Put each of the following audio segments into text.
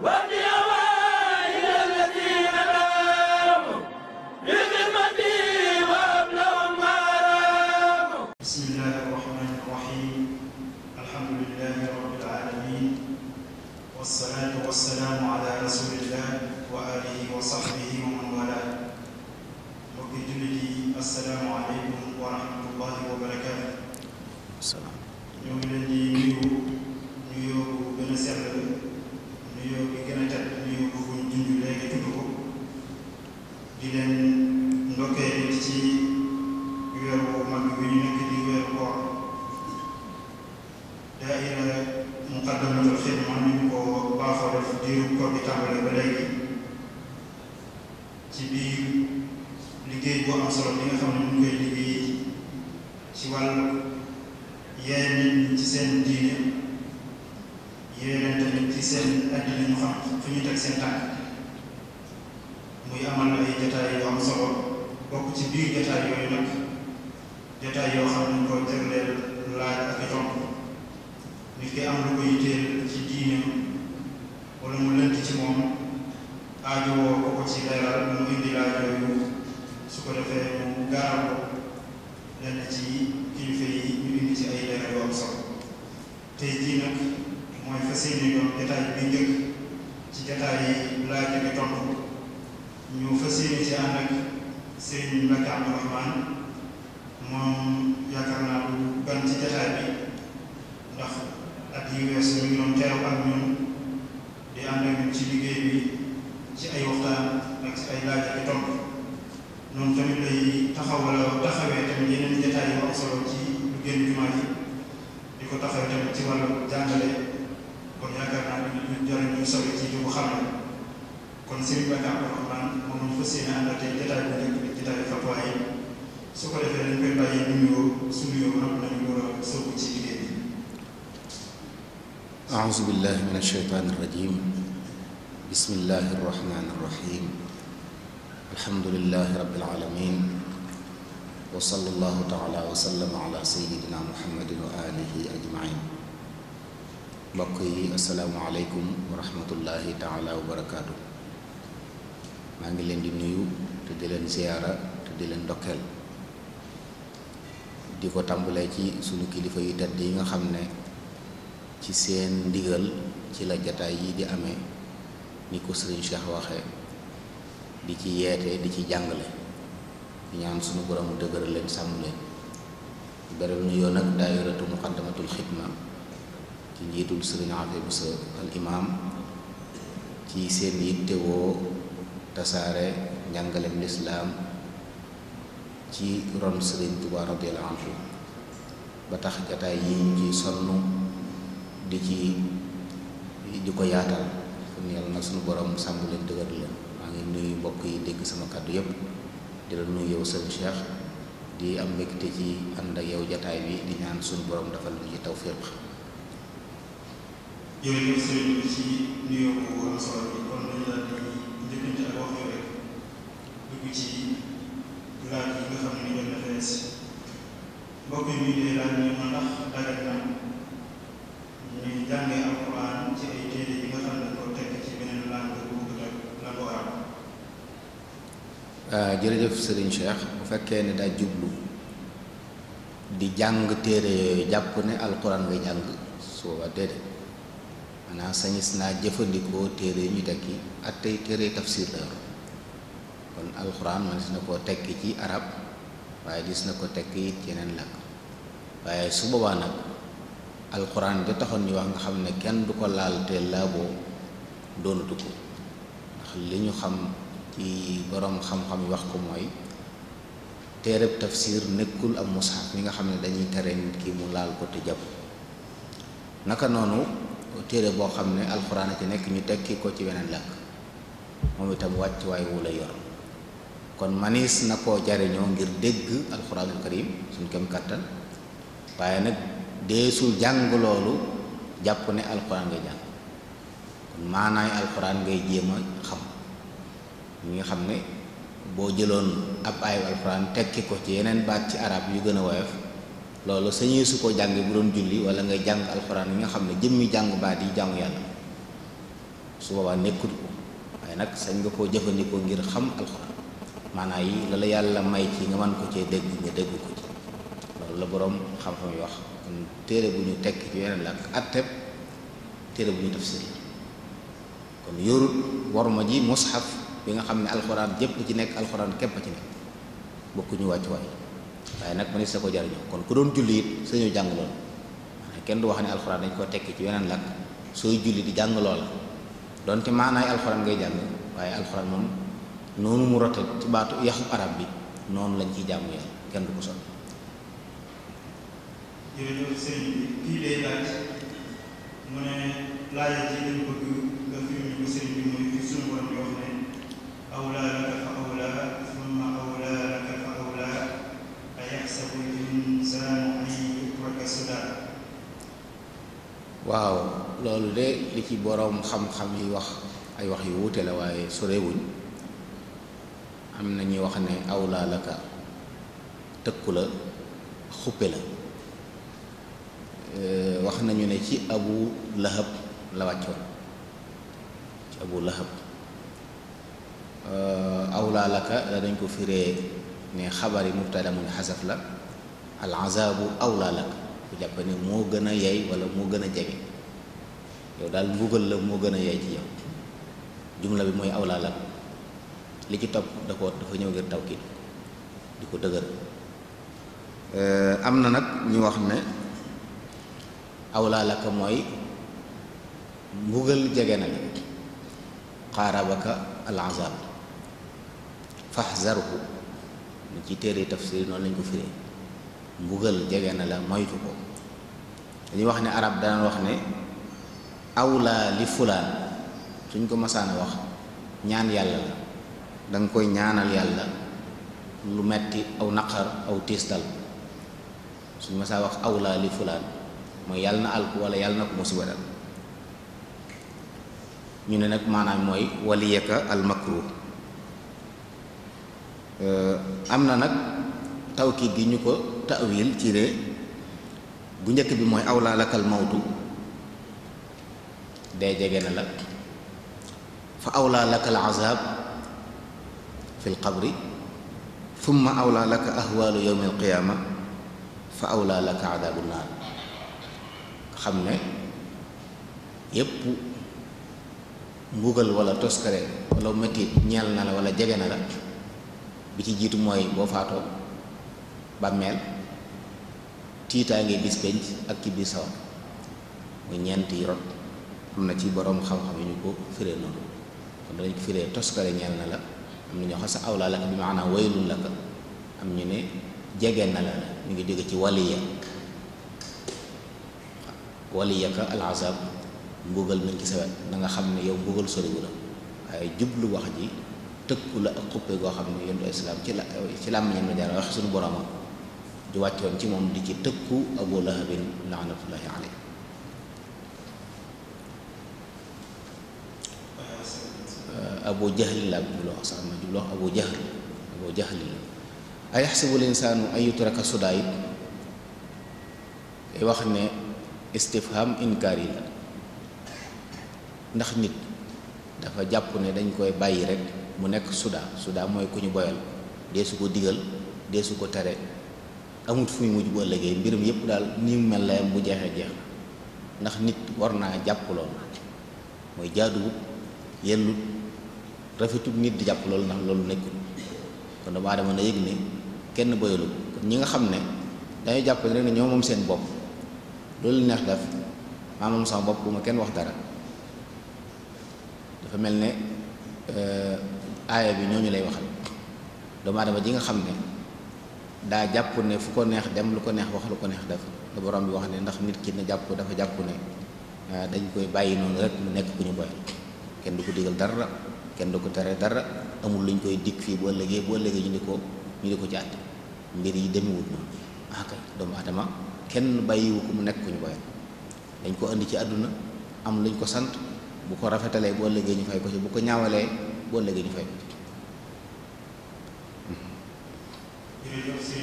وبأوائل الذين ناموا بخدمتي وأبلغوا ما بسم الله الرحمن الرحيم الحمد لله رب العالمين والصلاة والسلام على رسول الله وآله وصحبه ومن والاه mbokk jullit yi asalaamaaleykum wa rahmatullahi wa barakaatu. ñoo ngi leen الشيطان الرجيم بسم الله الرحمن الرحيم الحمد لله رب العالمين وصلى الله تعالى وسلم على سيدنا محمد وآله أجمعين بقي السلام عليكم ورحمة الله تعالى وبركاته ما نجلن دي نيو تدلن زيارة تدلن دوكل ديكو كو تامبلي سونو كليفه يتدي nga ci seen ndigal ci la jataay yii di amee ni ko sëriñ Cheikh waxee di ci yeete di ci jàngale di ñaan suñu borom mu dëgëral leen sàmm leen beral nu yoon ak daayiratu muqaddamatul xidma ci njiitul sëriñ Afee sa al ci seen yittewoo tasaare njàngalem lislaam ci ron sëriñ Tuubaa radiyallaahu anhu ba tax jataay yi ci sonn di ci di ko yaatal kon yàlla nag suñu borom sàmm leen dëgër leen maa ngi nuyu mbokk yi dégg sama kàddu yépp di la nuyu yow sëñ Cheikh di am mbégte ci ànd ak yow jataay bi di ñaan suñu borom defal lu ci tawfiq bi di njëkkante ci laaj yi nga xam ne ñoom la fees mbokk yi ñu dee laaj ñu ndax dagat na jàngee alquran ci ay téere bu euh, jërëjëf Serigne bu fekkee ne daa jublu di jàng téere yooyu jàpp ne alquran ngay jàng suba déedéet maanaam sañis naa jëfandikoo téere yi ñu tekki ak tey téere tafsir la yor kon alquran man gis na koo tekki ci arab waaye gis na ko tekki it yeneen làkk waaye su nag alxuraan ja taxoon ñu wax nga xam ne kenn du ko laal te laaboo doonatu ko ndax li ñu xam ci boroom xam-xam yi wax ko mooy téereb tafsir nekkul am mushaf ñi nga xam ne dañuy tere nit ki mu laal ko te jàpp naka noonu téere boo xam ne alxuraan ci nekk ñu tekki ko ci weneen làkk moom itam wàcc waay wu la yor kon manis na koo jariñoo ngir dégg alxuraanul karim suñ kem kàttan waaye nag deesul jàng loolu jàpp ne alxuraan ngay jàng kon maanaay alxuraan ngay jéem xam ñi nga xam ne boo jëloon ab ayu alxuraan tekki ko ci yeneen baat ci arab yu gën a woyof loolu sañuy su ko jàng bu doon julli wala ngay jàng alxuraan yi nga xam ne jëmmi jàng baat yi jàng yàlla su boobaa nekkut ko waaye nag sañ nga koo jëfandikoo ngir xam alxuraan maanaa yi la yàlla may ci nga mën ko cee dégg nga dégg ko ci loolu la boroom xam-xam yi wax kon téere bu ñu tekk ci weneen la ak atteb téere bu ñu tafsir kon yorut warma ji mushaf bi nga xam ne alxuraan jépp ci nekk alxuraan képp ci nekk bokkuñu wàccuwaay waaye nag mënees na ko jariñoo kon ku doon julli it sañu jàng lool kenn du wax ne alxuraan dañ koo tekki ci weneen làkk sooy julli di jàng loola donte maanaay alxuraan ngay jàng waaye alxuraan moom noonu mu rote ci baatu yaxub arab bi noonu lañ ciy jàmm yàlla kenn du ko sol jërëjëf sëriñ bi kii day laaj mu ne laaja ji nga firi ñu ko sëriñ bi suñu borom di ne awlaa laka fa awlaa summa awlaa laka fa awlaa ayaxsabu insaanu an yutraka loolu de li ci borom xam-xam yi wax ay wax yu wuute la waaye sorewuñ am na ñuy wax ne awlaa laka tëkku la xuppe la Euh, wax nañu ne ci abu lahab la wàccoon ci abu lahab euh, awlaa laka dañ ko firee ne xabar yi mubtada mu ne xasaf la al azaabu awlaa laka bu jàpp moo gën a yey wala moo gën a jege yow daal mbugal moo gën a yey ci yow jumla bi mooy awlaa laka li ci topp dafa ñëw ngir tawkiid di ko euh, am na nag ñu wax ne awlaa laka mooy mbugal jege na la xaarabaka al azab fahzarhu ñu ci téere tafsir noonu lañ ko firee mbugal jege na la moytu ko dañuy wax ne arab daan wax ne awlaa li fulaan suñ ko masaana wax ñaan yàlla la danga koy ñaanal yàlla lu metti aw naqar aw tiis dal suñ masaa wax awlaa li fulaan mooy yàlla na alku wala yàlla na ko musi dal ñu ne nak manam moy waliyaka al makruh euh amna nak tawkiit gi ñu ko tawil ci re bu ñek bi moy awla lakal mawtu de jege na la fa awla lakal azab fi al qabr thumma awlaa laka ahwaalu yowmi alqiyaama fa awlaa laka adabu naar xam ne yépp mbugal wala toskare wala metit ñeel na la wala jege na la bi ci jiitu mooy boo faatoo bàmmeel tiitaange ngi penc ak ci biir sawar muy ñeenti rot am na ci boroom xam-xam yu ñu ko firee noonu kon danañ firee toskare ñeel na la am na ñoo xam sa awlaa la bi maanaam waylun la am ñu ne jege na la ñu ngi dégg ci waliya waliyaka al azab mbugal mi ngi ci sa wet na nga xam ne yow mbugal soriwu la waaye jublu wax ji tëkku la ak xuppe goo xam ne yondu islam ci la ci làmmiñam la jaar wax suñu boromam di wàccoon ci moom di ci tëkku abu lahabin laanatullahi alayhi abu jahlin laa jubloo sax ma jubloo abu jahl abu jahlin ay yaxsibu linsaanu an yutraka sudaay day wax ne istifham inkaari la ndax nit dafa jàpp ne dañ koy bàyyi rek mu nekk suda suda mooy ku ñu boyal dee su ko digal dee ko tere amut fu ñu mujj bu ëllëgee mbiram yépp daal nii mu mel layam bu jeexee jeex na ndax nit war naa jàpp lool mooy jaaduwut yellut rafetut nit di jàpp loolu ndax loolu nekkul kon dama dama na yëg ne kenn boyalu ñi nga xam ne dañuy jàpp ne rek ne ñoo moom seen bopp loolu neex def maa sax sama bopp ma kenn wax dara dafa mel ne euh, aaya bi ñoo ñu lay waxal doomu aadama ji nga xam ne daa jàpp ne fu ko neex dem lu ko neex wax lu ko neex def lu borom bi wax ne ndax nit ki ne jàpp dafa jàpp ne euh, dañ koy bàyyi noonu rek mu nekk ku ñu boyal kenn du ko digal dara kenn du ko tere dara amul luñ koy dikk fii boo ëllëgee boo ëllëgee ñu di ko ñu di ko ci àtt mbir yi demewut noonu ah kay doomu aadama kenn bàyyiwu ko mu nekk ku ñu boyal dañ ko indi ci àdduna am luñ ko sant bu ko rafetalee bu ëllëgee ñu fay ko ci bu ko ñaawalee bu ëllëgee ñu fay ko ci. ci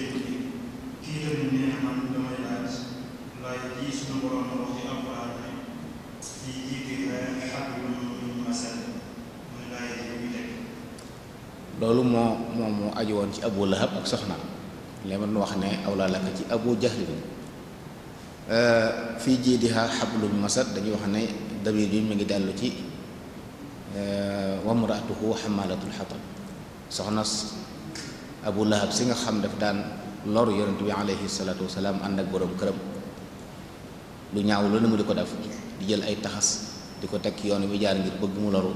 alquran ne ci jiite loolu moo moom moo aju woon ci abu lahab ak soxna li ma wax ne aw laa lakk ci abu jahl Euh, fii jiidiha xablum masad dañuy wax ne damir bi mu ngi dellu ci euh, wamraatuhu xamalatul xatab soxna abu lahab si nga xam daf daan lor yonent bi alayhi salaatu wasalaam ànd ak boroom këram lu ñaaw lu ne mu di ko def di jël ay taxas di ko teg yoon bi jaar ngir bëgg mu loru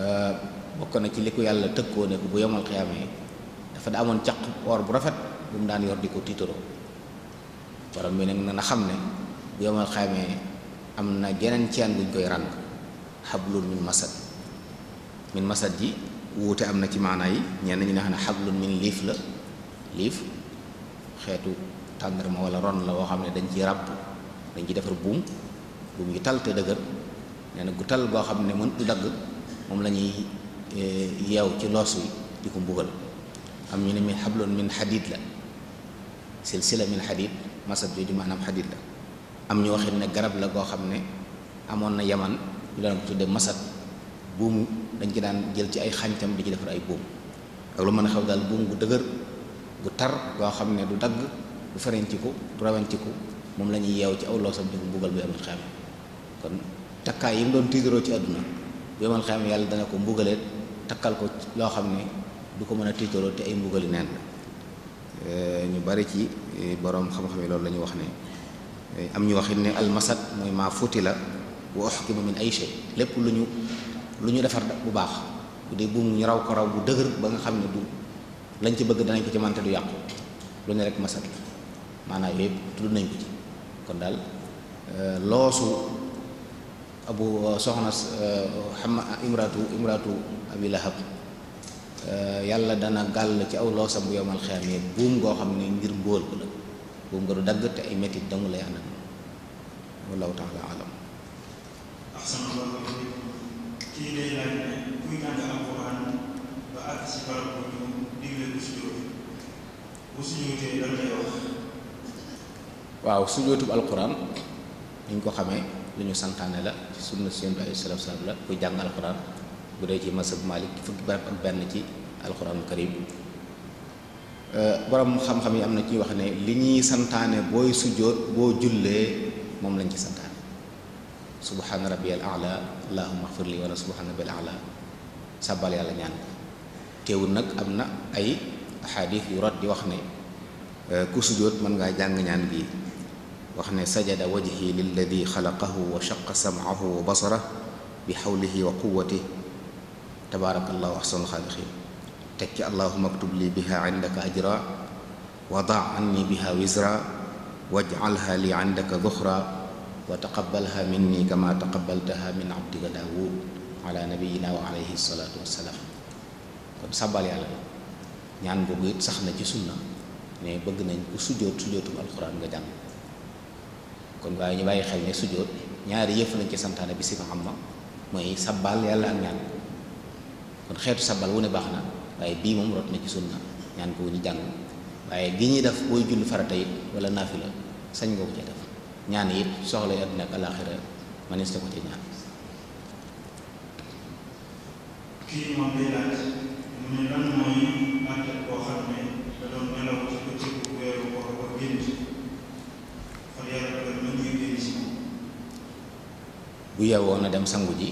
euh, bokk na ci li ko yàlla tëkkoo ne ko bu yomal xiyaamee dafa da amoon caq or bu rafet bu mu daan yor di ko tiitaroo borom bi nag na xam ne bu yomal xamee am na geneen ceen buñ koy ràng xablun min masad min masad ji wuute am na ci maanaa yi ñenn ñi ne xam ne xablun min liif la liif xeetu tàndarma wala ron la woo xam ne dañ ci ràbb dañ ci defar buum buum gi tal te dëgër nee na gu tal goo xam ne mën du dagg moom la e, yeew ci loos wi di mbugal am ñu ne min xablun min xadiid la silsila min xadiid masab jooju maanaam xadit la am ñu waxit ne garab la goo xam ne amoon na yaman ñu daan ko tudde masat buumu dañ ci daan jël ci ay xàncam di ci defar ay buum ak lu mën a xew daal buum bu dëgër gu tar goo xam ne du dagg du ferenciku du rawanciku moom lañuy yeew ci aw loosam di ko mbugal bu yamal xeam kon takkaay yi mu doon tiitaroo ci àdduna bu yamal xeam yàlla dana ko mbugalee takkal ko loo xam ne du ko mën a tiitaroo te ay mbugali neen Eh, ñu bari ci eh, boroom xam-xam yi loolu la ñu wax ne eh, am ñu waxit ne almasad mooy maa fuuti la wa uhkima min ay shay lépp lu ñu lu ñu defar bu baax bu dee buum ñu raw ko raw bu dëgër ba nga xam ne du lañ ci bëgg danañ ko ci mante du yàqu lu ne rek masat maanaam yooyu yëpp tudd nañ ko ci kon daal loosu abu soxna xam imraatu imraatu abi lahab Euh, yàlla dana gàll ci aw loosam bu yomal xeer ne buum goo xam ne ngir mbóol ko la buum nga du dagg te ay métit dangu lay ànd ak waaw sujjóotub alquran ni ko xamee lu ñu santaane la ci sunna seen bi alayhi salaatu salaam la kuy jàng alquran bu dee ci masab Malik fukki barab ak benn ci alxuraanu karim euh, borom xam-xam yi am na ci wax ne li ñuy santaane booy sujjóot boo jullee moom lañ ci santaane subhaana rabbiyal a'la allahumma ighfir li nag am na ay ahadis yu wax ne euh, sujjóot mën ngaa jàng ñaan bi wax ne sajada wajhi lilladi xalaqahu wa shaqa sam'ahu wa basarahu bi xawlihi wa quwwatihi تبارك الله وحسن الخالقين تكي اللهم اكتب لي بها عندك أجرا وضع عني بها وزرا واجعلها لي عندك ذخرا وتقبلها مني كما تقبلتها من عبد داوود على نبينا وعليه الصلاة والسلام كن سبالي على نيان بوغيت سخنا جي سنة ني بغ نان كو سجود سجود القران غا جان كون باي ني باي خيل ني سجود نياري ييف لا سي سانتانا بي سي محمد موي سبال يالا نيان kon xeetu sabal wu ne baax na waaye bii moom rot na ci sunna ñaan ko wu ñu jàng waaye gi ñuy def booy julli farata it wala naafila sañ nga ca def ñaan soxla yi àddina ak alaaxira manees na ko ca ñaan kii moom day laaj mu ne lan mooy àtte boo xam ne da doon nelaw ci bëccëg bu weeru koor dem sangu ji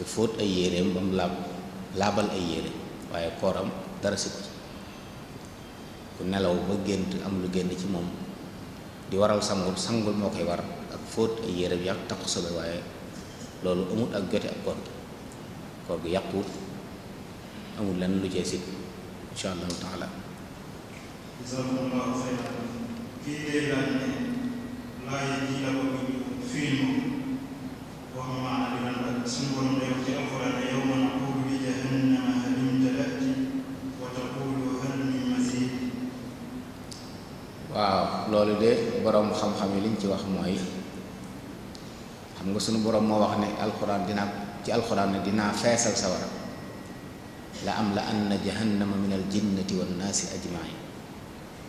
te fóot ay yéreem ba mu laab laabal ay yére waaye kooram dara si ko nelaw ba gént am lu génn ci moom di waral sangul sangul moo koy war ak fóot ay yéreem yàq takku sobe waaye loolu amut ak jote ak koor koor gi yàquwut amul lenn lu cee sit insha allahu taala suñu borom day jahannama hal imtalaati wa taqulu hal waaw loolu de boroom xam-xam yi liñ ci wax mooy xam nga suñu boroom moo wax ne alxuraan dinaa ci alxuraan ne dinaa feesal sawara la am la anna jahannama min al jinnati wan naasi ajmain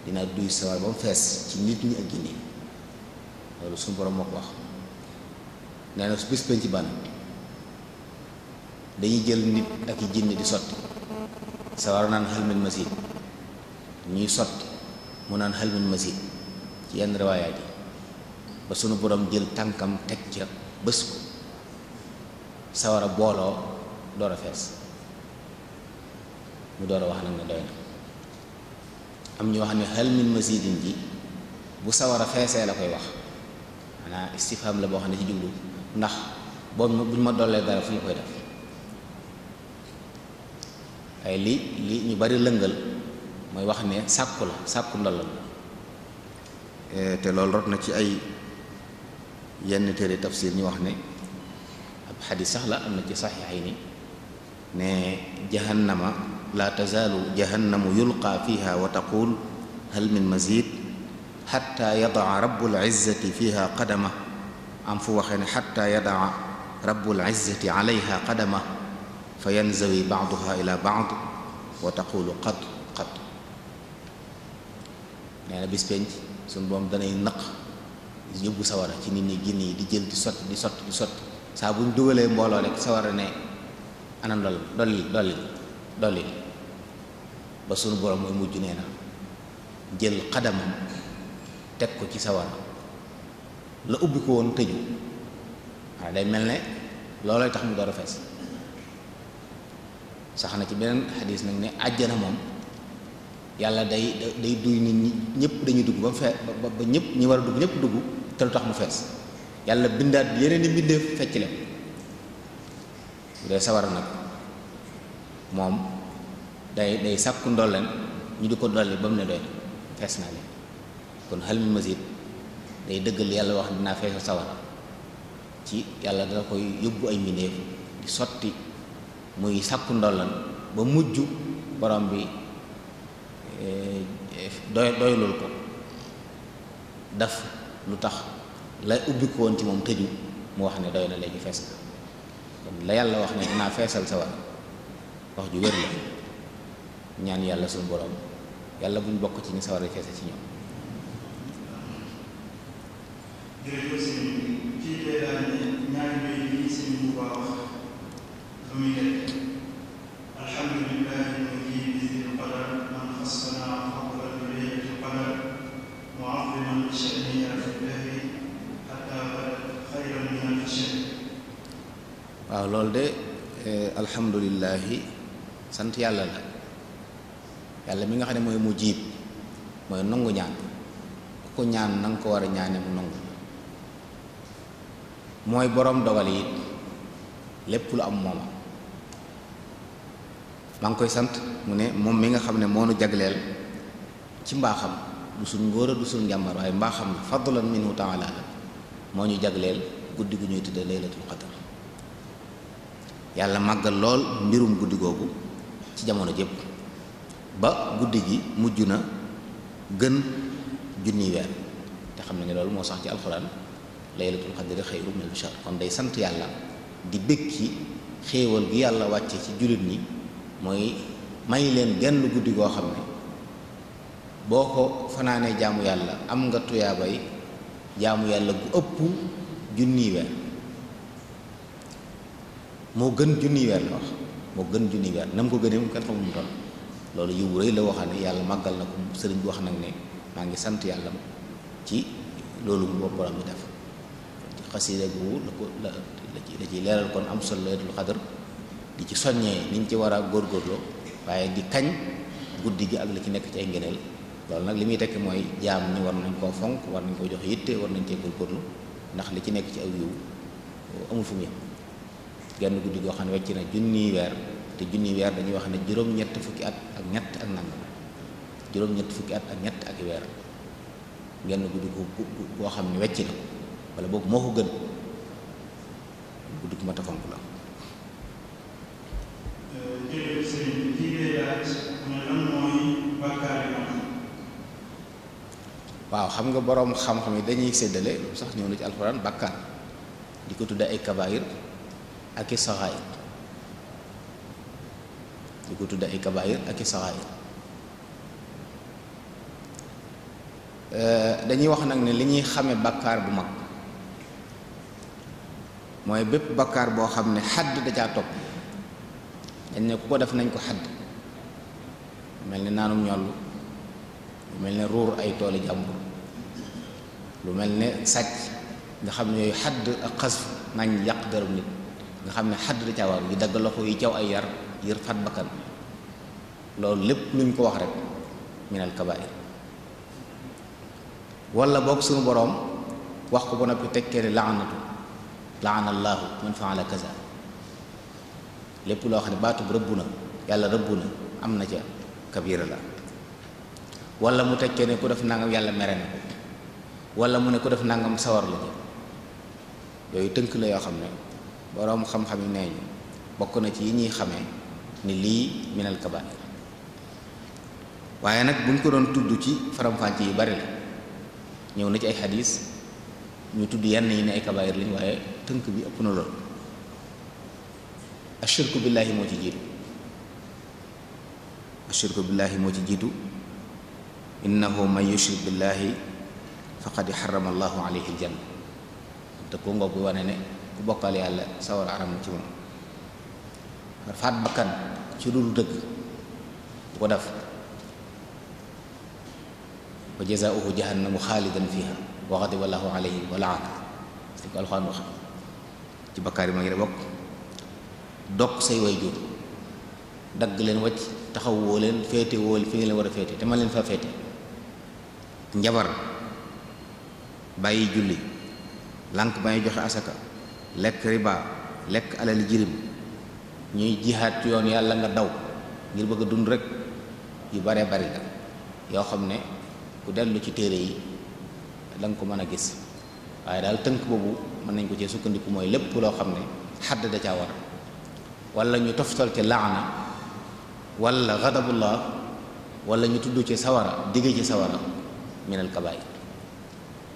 dinaa duy sawar ba mu fees ci nit ñi ak jinne loolu suñu borom moo ko wax nee na bis penc ban dañuy jël nit ak i jinne di sotti sawar naan xalmin masid ñuy sotti mu naan xalmin masid ci yenn riwaayaat yi ba sunu boroom jël tànkam teg ca bés ko sawara booloo door a fees mu door a wax nag ne doy na am ñu wax ne xalmin masidin ji bu sawara feesee la koy wax maanaam istifham la boo xam ne ci jublu ndax boobu buñ ma dollee dara fu ñu koy def ay li li ñu bari leungal moy wax ne sàkku la sàkku ndal la euh te loolu rot na ci ay yenn téere tafsir ñu wax ne ab hadith sax la am na ci sahihayni ne jahannama la tazalu jahannamu yulqa fiha wa taqul hal min mazid hatta yadaa rabbul izzati fiha qadama am fu waxe ne hatta yadaa rabbul izzati alayha qadama fa yanzawi baaduha ila baad wa taqulu qad qad nee na bis penc suñu boom danay naq yóbbu sawara ci nit ñi gin yi di jël di sotti di sotti di sotti saa bu ñu dugalee mbooloo rek sawara ne ana ndol dolli dolli dolli ba sunu borom mooy mujj nee na jël xadamam teg ko ci sawara la ubbi ko woon tëju waaye day mel ne loolooy tax mu door a fees sax na ci beneen xadis nag ne àjjana moom yàlla day day duy nit ñi ñëpp dañuy dugg ba mu fee ba ñëpp ñi war a dugg ñëpp dugg te lu tax mu fees yàlla bindaat yeneen i mbindeef fecc leen bu dee sawara nag moom day day sàkku ndolleen ñu di ko dolli ba mu ne doy fees naa leen kon yàlla wax dinaa feesal sawara ci yàlla dana koy yóbbu ay mbindeef di sotti muy sàkku ndollan ba mujj borom bi eh, doy doylul ko daf lu tax la ubbi ko woon ci moom tëju mu wax ne doy na léegi fees na la yàlla wax ne dinaa feesal sa wax ju wér la ñaan yàlla suñu borom yàlla buñ bokk ci ñi sawar a feese ci ñoom waaw loolu de eh, alhamdulilahi sant yàlla la yàlla mi nga xam ne mooy mu jiib mooy nangu ñaan ku ko ñaan nanga ko war a ñaane mu nangu mooy boroom dogal yi lépp lu am mooma maa koy sant mu ne moom mi nga xamne mo nu jaglel ci mbaxam du sun ngóora du sun jambar way mbaxam fadlan minhu taala la ñu jaglel guddi gu ñuy tudde laylatul qadr yalla magal lol mbirum guddi gogu ci jamono jep ba guddi gi gën jooni wer te xam lol mo sax ci alquran laylatul min al shahr kon day sant yalla di bekki xewal gi yalla wacce ci julit ni mooy may leen genn guddi goo xam ne boo ko fanaanee jaamu yàlla am nga tuyaabay jaamu yàlla gu ëpp junniy weer moo gën junniy weer la wax moo gën junniy weer na mu ko gënee moom kenn xamul mu loolu yiw rëy la waxal ne yàlla màggal na ko sëriñ bi wax nag ne maa ngi sant yàlla ci loolu mu borom bi def ci xasida la ko la ci la ciy leeral kon am solo laylatul xadar di ci soññee niñ ci gor gor lo waye di kañ guddi gi ak la ci nek ci ay ngeneel loolu nak limi tek moy mooy jaam ñi war nañ ko fonk war nañ ko jox yitté war nañ gor góorgóorlu ndax li ci nek ci ay yiw amu fu ñepp genn guddi go xane wacc na junniy weer te junni weer dañuy wax ne juroom ñett fukki at ak ñett ak nang juroom ñett fukki at ak ñett ak weer genn guddi go go xamni wacc na wala bok moko gën guddi ko fonk la waaw xam nga boroom xam-xam yi dañuy séddale loolu sax ñëw na ci alxuraan bàkkaar di ko tudd ay kabaayir ak i saxaayir di ko tudd ay kabaayir ak i saxaayir euh, dañuy wax nag ni li ñuy xame bàkkaar bu mag mooy bépp bàkkaar boo xam ne xadd da topp dañ ne ku ko def nañ ko xadd mel ni naanum ñoll lu mel ne ruur ay tooli jàmbur lu mel ne sàcc nga xam ne yooyu xadd ak xas nañ yàq dërëm nit nga xam ne xadd da caawaar yu dagg loxo yi caw ay yar yër fat bakkan loolu lépp luñ ko wax rek minal kabair wala boog suñu boroom wax ko ba noppi tekkee ne laanatu laanallaahu man faala kaza lépp loo xam ne baatub rëbb na yàlla rëbb na am na ca kabira la wala mu tekkee ne ku def nangam yàlla mere na ko wala mu ne ku def nangam sawar la yooyu tënk la yoo xam ne boroom xam-xam yi nee ñu bokk na ci yi ñuy xamee ni lii minal kabair waaye nag buñ ko doon tudd ci faram-fàcce yu bari la ñëw na ci ay xadis ñu tudd yenn yi ne ay kabair lañ waaye tënk bi ëpp na lool الشرك بالله موجيد الشرك بالله موجيد إنه ما يشرك بالله فقد حرم الله عليه الجنة تكون غبي وانا كبقى لي على سوار عرام تيمون فات بكان شرور دق ودف وجزاؤه جهنم خالدا فيها وغضب الله عليه ولعنه تقول خان وخان تبكاري ما يربك dokk say way jur dagg leen wacc taxaw woo leen féete woo fi nga leen war a féete te man leen fa féete njabar bàyyi julli lànk bàyyi joxe asaka lekk riba lekk alal jirim ñuy jihaat yoon yàlla nga daw ngir bëgg a dund rek yu bare bari la yoo xam ne ku dellu ci téere yi da ko mën a gis waaye daal tënk boobu mën nañ ko cee sukkandiku mooy lépp loo xam ne xadd da caa war wala ñu toftal ci laana wala xadabullah wala ñu tudd ci sawara digg ci sawara minal kabaayir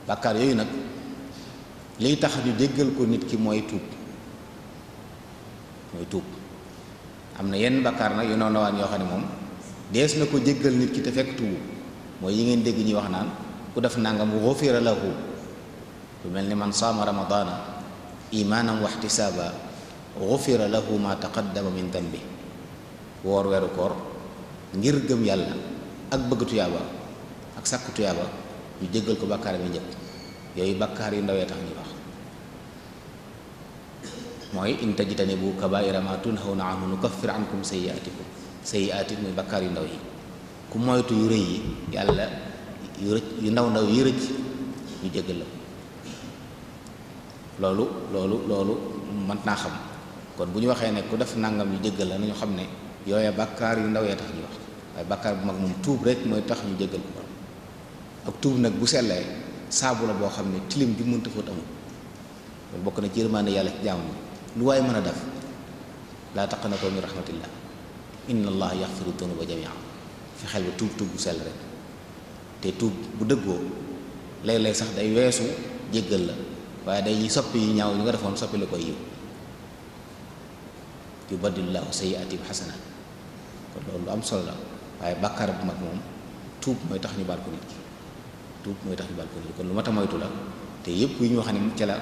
bàkkaar yooyu nag liy tax ñu déggal ko nit ki mooy tuub mooy tuub am na yenn bàkkaar nag yu noonu waan yoo xam ne moom dees na ko jéggal nit ki te fekk tuubu mooy yi ngeen dégg ñuy wax naan ku def nangam xufira lahu lu mel ni man saama ramadaana imaanan wa ihtisaaba xufira lahu ma taqaddama min dambi woor weeru koor ngir gëm yàlla ak bëgg tuyaaba ak sàkku tuyaaba ñu jéggal ko bàkkaar mi njëkk yooyu bàkkaar yu ndawee tax ñu wax mooy in tajtanibu kabaa'ira ma tunhawna anhu nukaffir ankum sayyi'aatikum sayyi'aatikum muy bàkkaar yu ndaw yi ku moytu yu rëy yi yàlla yu rëcc yu ndaw ndaw yi rëcc ñu jéggal la ko loolu loolu loolu mën naa xam kon bu waxé waxee ne ku def nangam yu jéggal la ñu xamné ne bakkar yu ndaw ya tax ñu wax ay bakkar bu mag moom tuub rek moy tax ñu jéggal ko ak tuub nak bu sellee saabu la bo xamné tilim bi mënta fóot amul loolu bokk na ci yërmaande yàlla ci jamm lu way mëna def laa taqnatoo min rahmatillah inna allah yaghfiru dhunuba jami'a fi xel bu tuub tuub bu sell rek te tuub bu dëggoo lay lay sax day weesu jéggal la waye day soppi yu ñaaw yu nga defoon soppi la koy yiw yubaddilillahu sayyi'aatihim xasanaat kon loolu lu am solo la waaye bàkkaar bu mag moom tuub mooy tax ñu baal ko nit ki tuub mooy tax ñu baal ko nit ki kon lu mat a moytu la te yëpp yi ñu wax ne ca la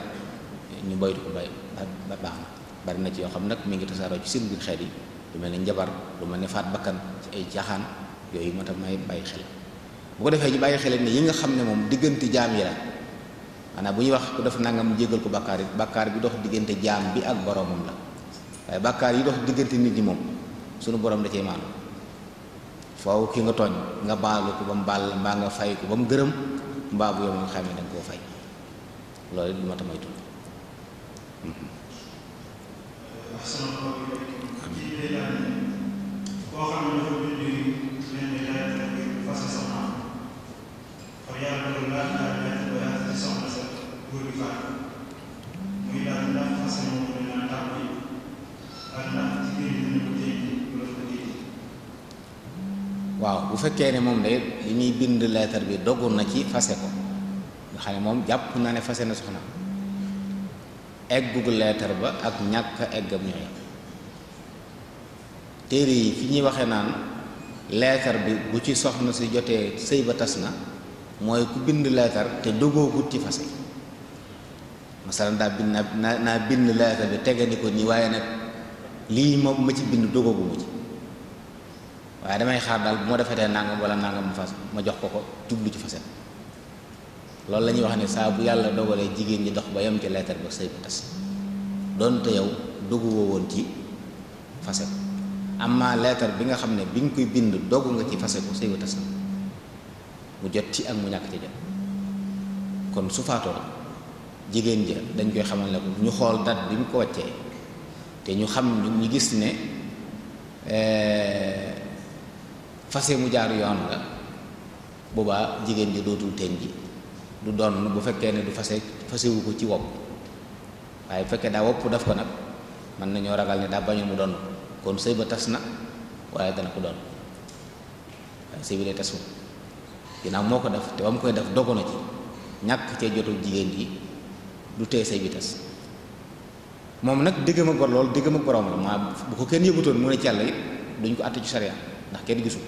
ñu moytu ko bay ba baax na bari na ci yoo xam nag mi ngi tasaaroo ci seen biir yi lu mel ne njabar lu mel ne faat bakkan ay jaaxaan yooyu moo tax may bàyyi xel bu defee ñu bàyyi xel ne yi nga xam ne moom diggante jaam yi la maanaam bu ñuy wax ku def nangam jégal ko bàkkaar it bi dox diggante jaam bi ak boromam la waaye bàkkaar yi dox diggante nit ñi moom sunu borom da cee maanu faaw ki nga tooñ nga baalu ko ba mu baal mbaa nga fay ko ba mu gërëm mbaa bu yow nga xam ne danga koo fay loolu it lu ma tamay tudd muy daal ndax fas yéene naa tàmbali waaw bu fekkee ne moom de li muy bind leetar bi doggu na ci fase ko nga xam ne moom jàpp naa ne fase na soxna eggug leetar ba ak ñàkk eggam ñooy téere yi fi ñuy waxee naan leetar bi bu ci soxna si jotee sëy ba tas na mooy ku bind leetar te dogoo gut ci fase masalan daa bind naa bind leetar bi tegandi ko nii waaye nag lii moom ma ci bind dogoogu ci waaye damay xaar daal bu ma defatee nangam wala nangam fas ma jox ko ko jublu ci faset loolu la ñuy wax ne saa bu yàlla dogalee jigéen ñi dox ba yem ci leetar ba sëy bu tas doonte woon ci faset amma leetar bi nga xam ne bi nga koy bind dogu nga ci fase ko sëy bu tas na mu jot ci ak mu ñàkk ci jot kon su faatoo jigéen ja dañ koy xamal ne ko ñu xool date bi mu ko wàccee te ñu xam ñu gis ne. Eh, fase mu jaar yoon la boobaa jigéen ji dootul teñ ji du doon bu fekkee ne du fase fasewu ko ci wopp waaye bu fekkee daa wopp def ko nag mën nañoo ragal ne daa bañu mu doon kon sëy ba tas na waaye dana ko doon waaye sëy bi day tas moom ginnaaw moo ko def te ba mu koy def dogu na ci ñàkk cee jigéen ji du tee sëy bi tas nag diggam ak bor loolu diggam ak borom la maa bu ko kenn yëgutoon mu ne ci yàlla duñ ko àtte ci sariya ndax kenn gisul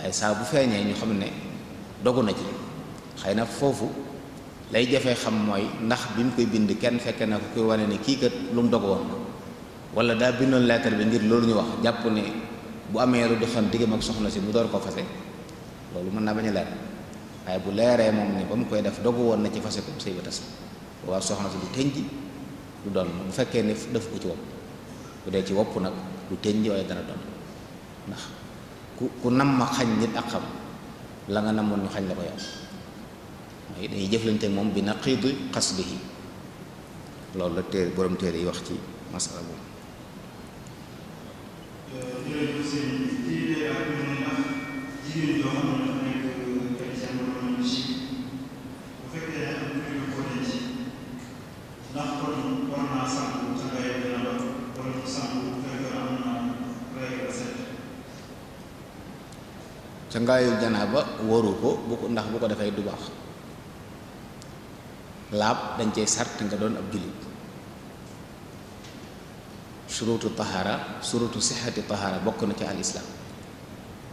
waaye saa bu feeñee ñu xam ne dogu na ci xëy na foofu lay jafe xam mooy ndax bi mu koy bind kenn fekke na ko kuy wane ne kii kat lu mu dog woon wala daa bindoon lettre bi ngir loolu ñu wax jàpp ne bu amee lu doxoon diggam ak soxna si mu door ko fase loolu mën naa bañ a leer waaye bu leeree moom ne ba mu koy def dogu woon na ci fase ko sëy ba tas waaw soxna si du tënj du doon bu fekkee ne def ko ci wopp bu dee ci wopp nag du tënj waaye dana doon ku ku nam ma xañ nit ak xam la nga namoon ñu xañ la ko yow mooy dañuy jëflante moom bi naqiidi qasdihi loolu la téere borom téere yi wax ci masala cangaayul janaaba waru ko bu ko ndax bu ko defee du baax laab dañ cey sart nga doon ab jullit surutu tahaara surutu sixati tahaara bokk na ci al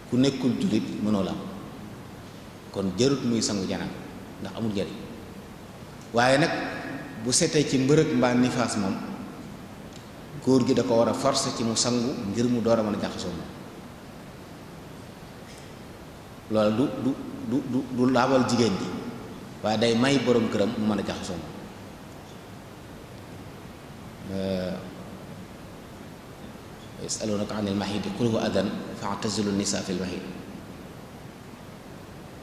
ku nekkul jullit mënoo laab kon jarut muy sangu janaaba ndax amul njariñ waaye nag bu setee ci mbërëg mbaa nifaas moom góor gi da ko war a forcer ci mu sangu ngir mu door a mën a jaxasoo moom loolu du du du du du laabal jigéen ji waaye day may borom këram mu mën a jaxasoo yasalunaka an ilmahidi qul huwa adan faatazilu nisa fi lmahid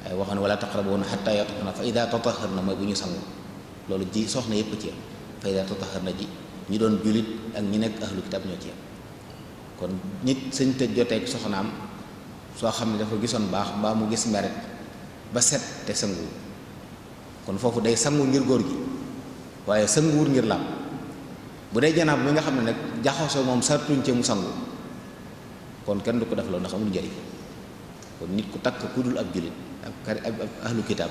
waaye waxoon wala taqrabuuna xata yatahharna fa ida tataharna mooy bu ñu sangu loolu ji soxna yépp ci yam fa ida tataharna ji ñi doon julit ak ñi nekk ahlu kitab ñoo ci yam kon nit sëñ tëj joteeg soxnaam soo xam ne dafa gisoon baax mbaa mu gis meret ba set te sanguwul kon foofu day sangu ngir góor gi waaye sanguwul ngir làpp bu dee janaab mi nga xam ne nag jaxasoo moom sartuñ ci mu sangu kon kenn du ko def loolu ndax amul njëriñ kon nit ku takk ku dul ak jullit ak kari ab ahlu kitaab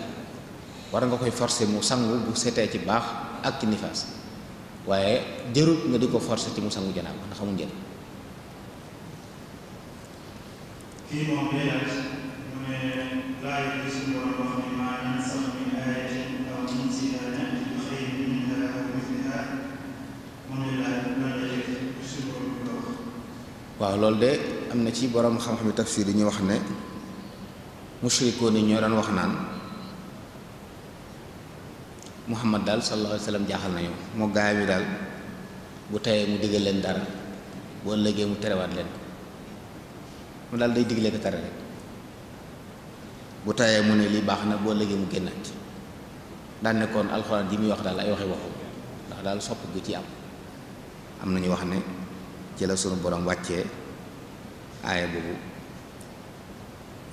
war nga koy forcer mu sangu setee ci baax ak ci nifaas waaye jërut nga di ko forcer ci mu sangu janaab ndax amul njëriñ kii moom day laaj mu ne laa yëg suñu borom wax ne maa yansax min ayatin aw nunsiha nati bi xayrin minha aw mithliha mu ne laaj lan la jëf suñu borom bi wax waaw loolu de am na ci borom xam-xam yi tafsir yi ñu wax ne mushrikoon yi ñoo doon wax naan Muhammad daal sallallahu alayhi wa sallam jaaxal nañu moo gaay mi daal bu tayee mu digal leen dara boo lëgee mu terewaat leen ko mu daal day digle ko tere rek bu tayee mu ne lii baax na boo léegi mu génnaat daan ne kon alxuraan yi muy wax daal ay waxe waxu ndax daal sopp gu ci am am nañu wax ne sunu borom wàccee aaya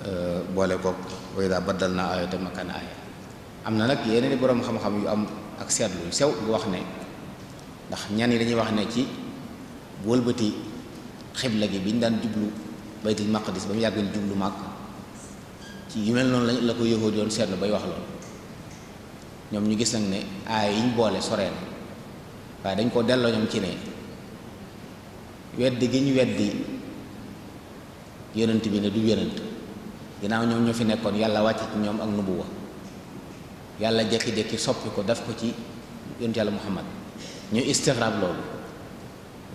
euh, boole koog wa idaa am na nag yeneen i boroom xam-xam yu am ak seetlu yu sew bu wax ne ndax ñan yi dañuy wax ne ci wëlbati xibla gi bi ñu daan jublu بيت المقدس بام ياغ نجوملو ماك تي يمل نون لا كو يهود يون سيرن باي واخ لول نيوم ني غيس ناني اي يي بولي سورين با دنج كو دالو نيوم تي ني ويد غي ني ويد يونت بي دو يونت غيناو نيوم ньо في نيكون يالا واتي تي نيوم اك نوبو يالا جيكي جيكي سوبي كو داف كو تي يونت يالا محمد ني استغراب لول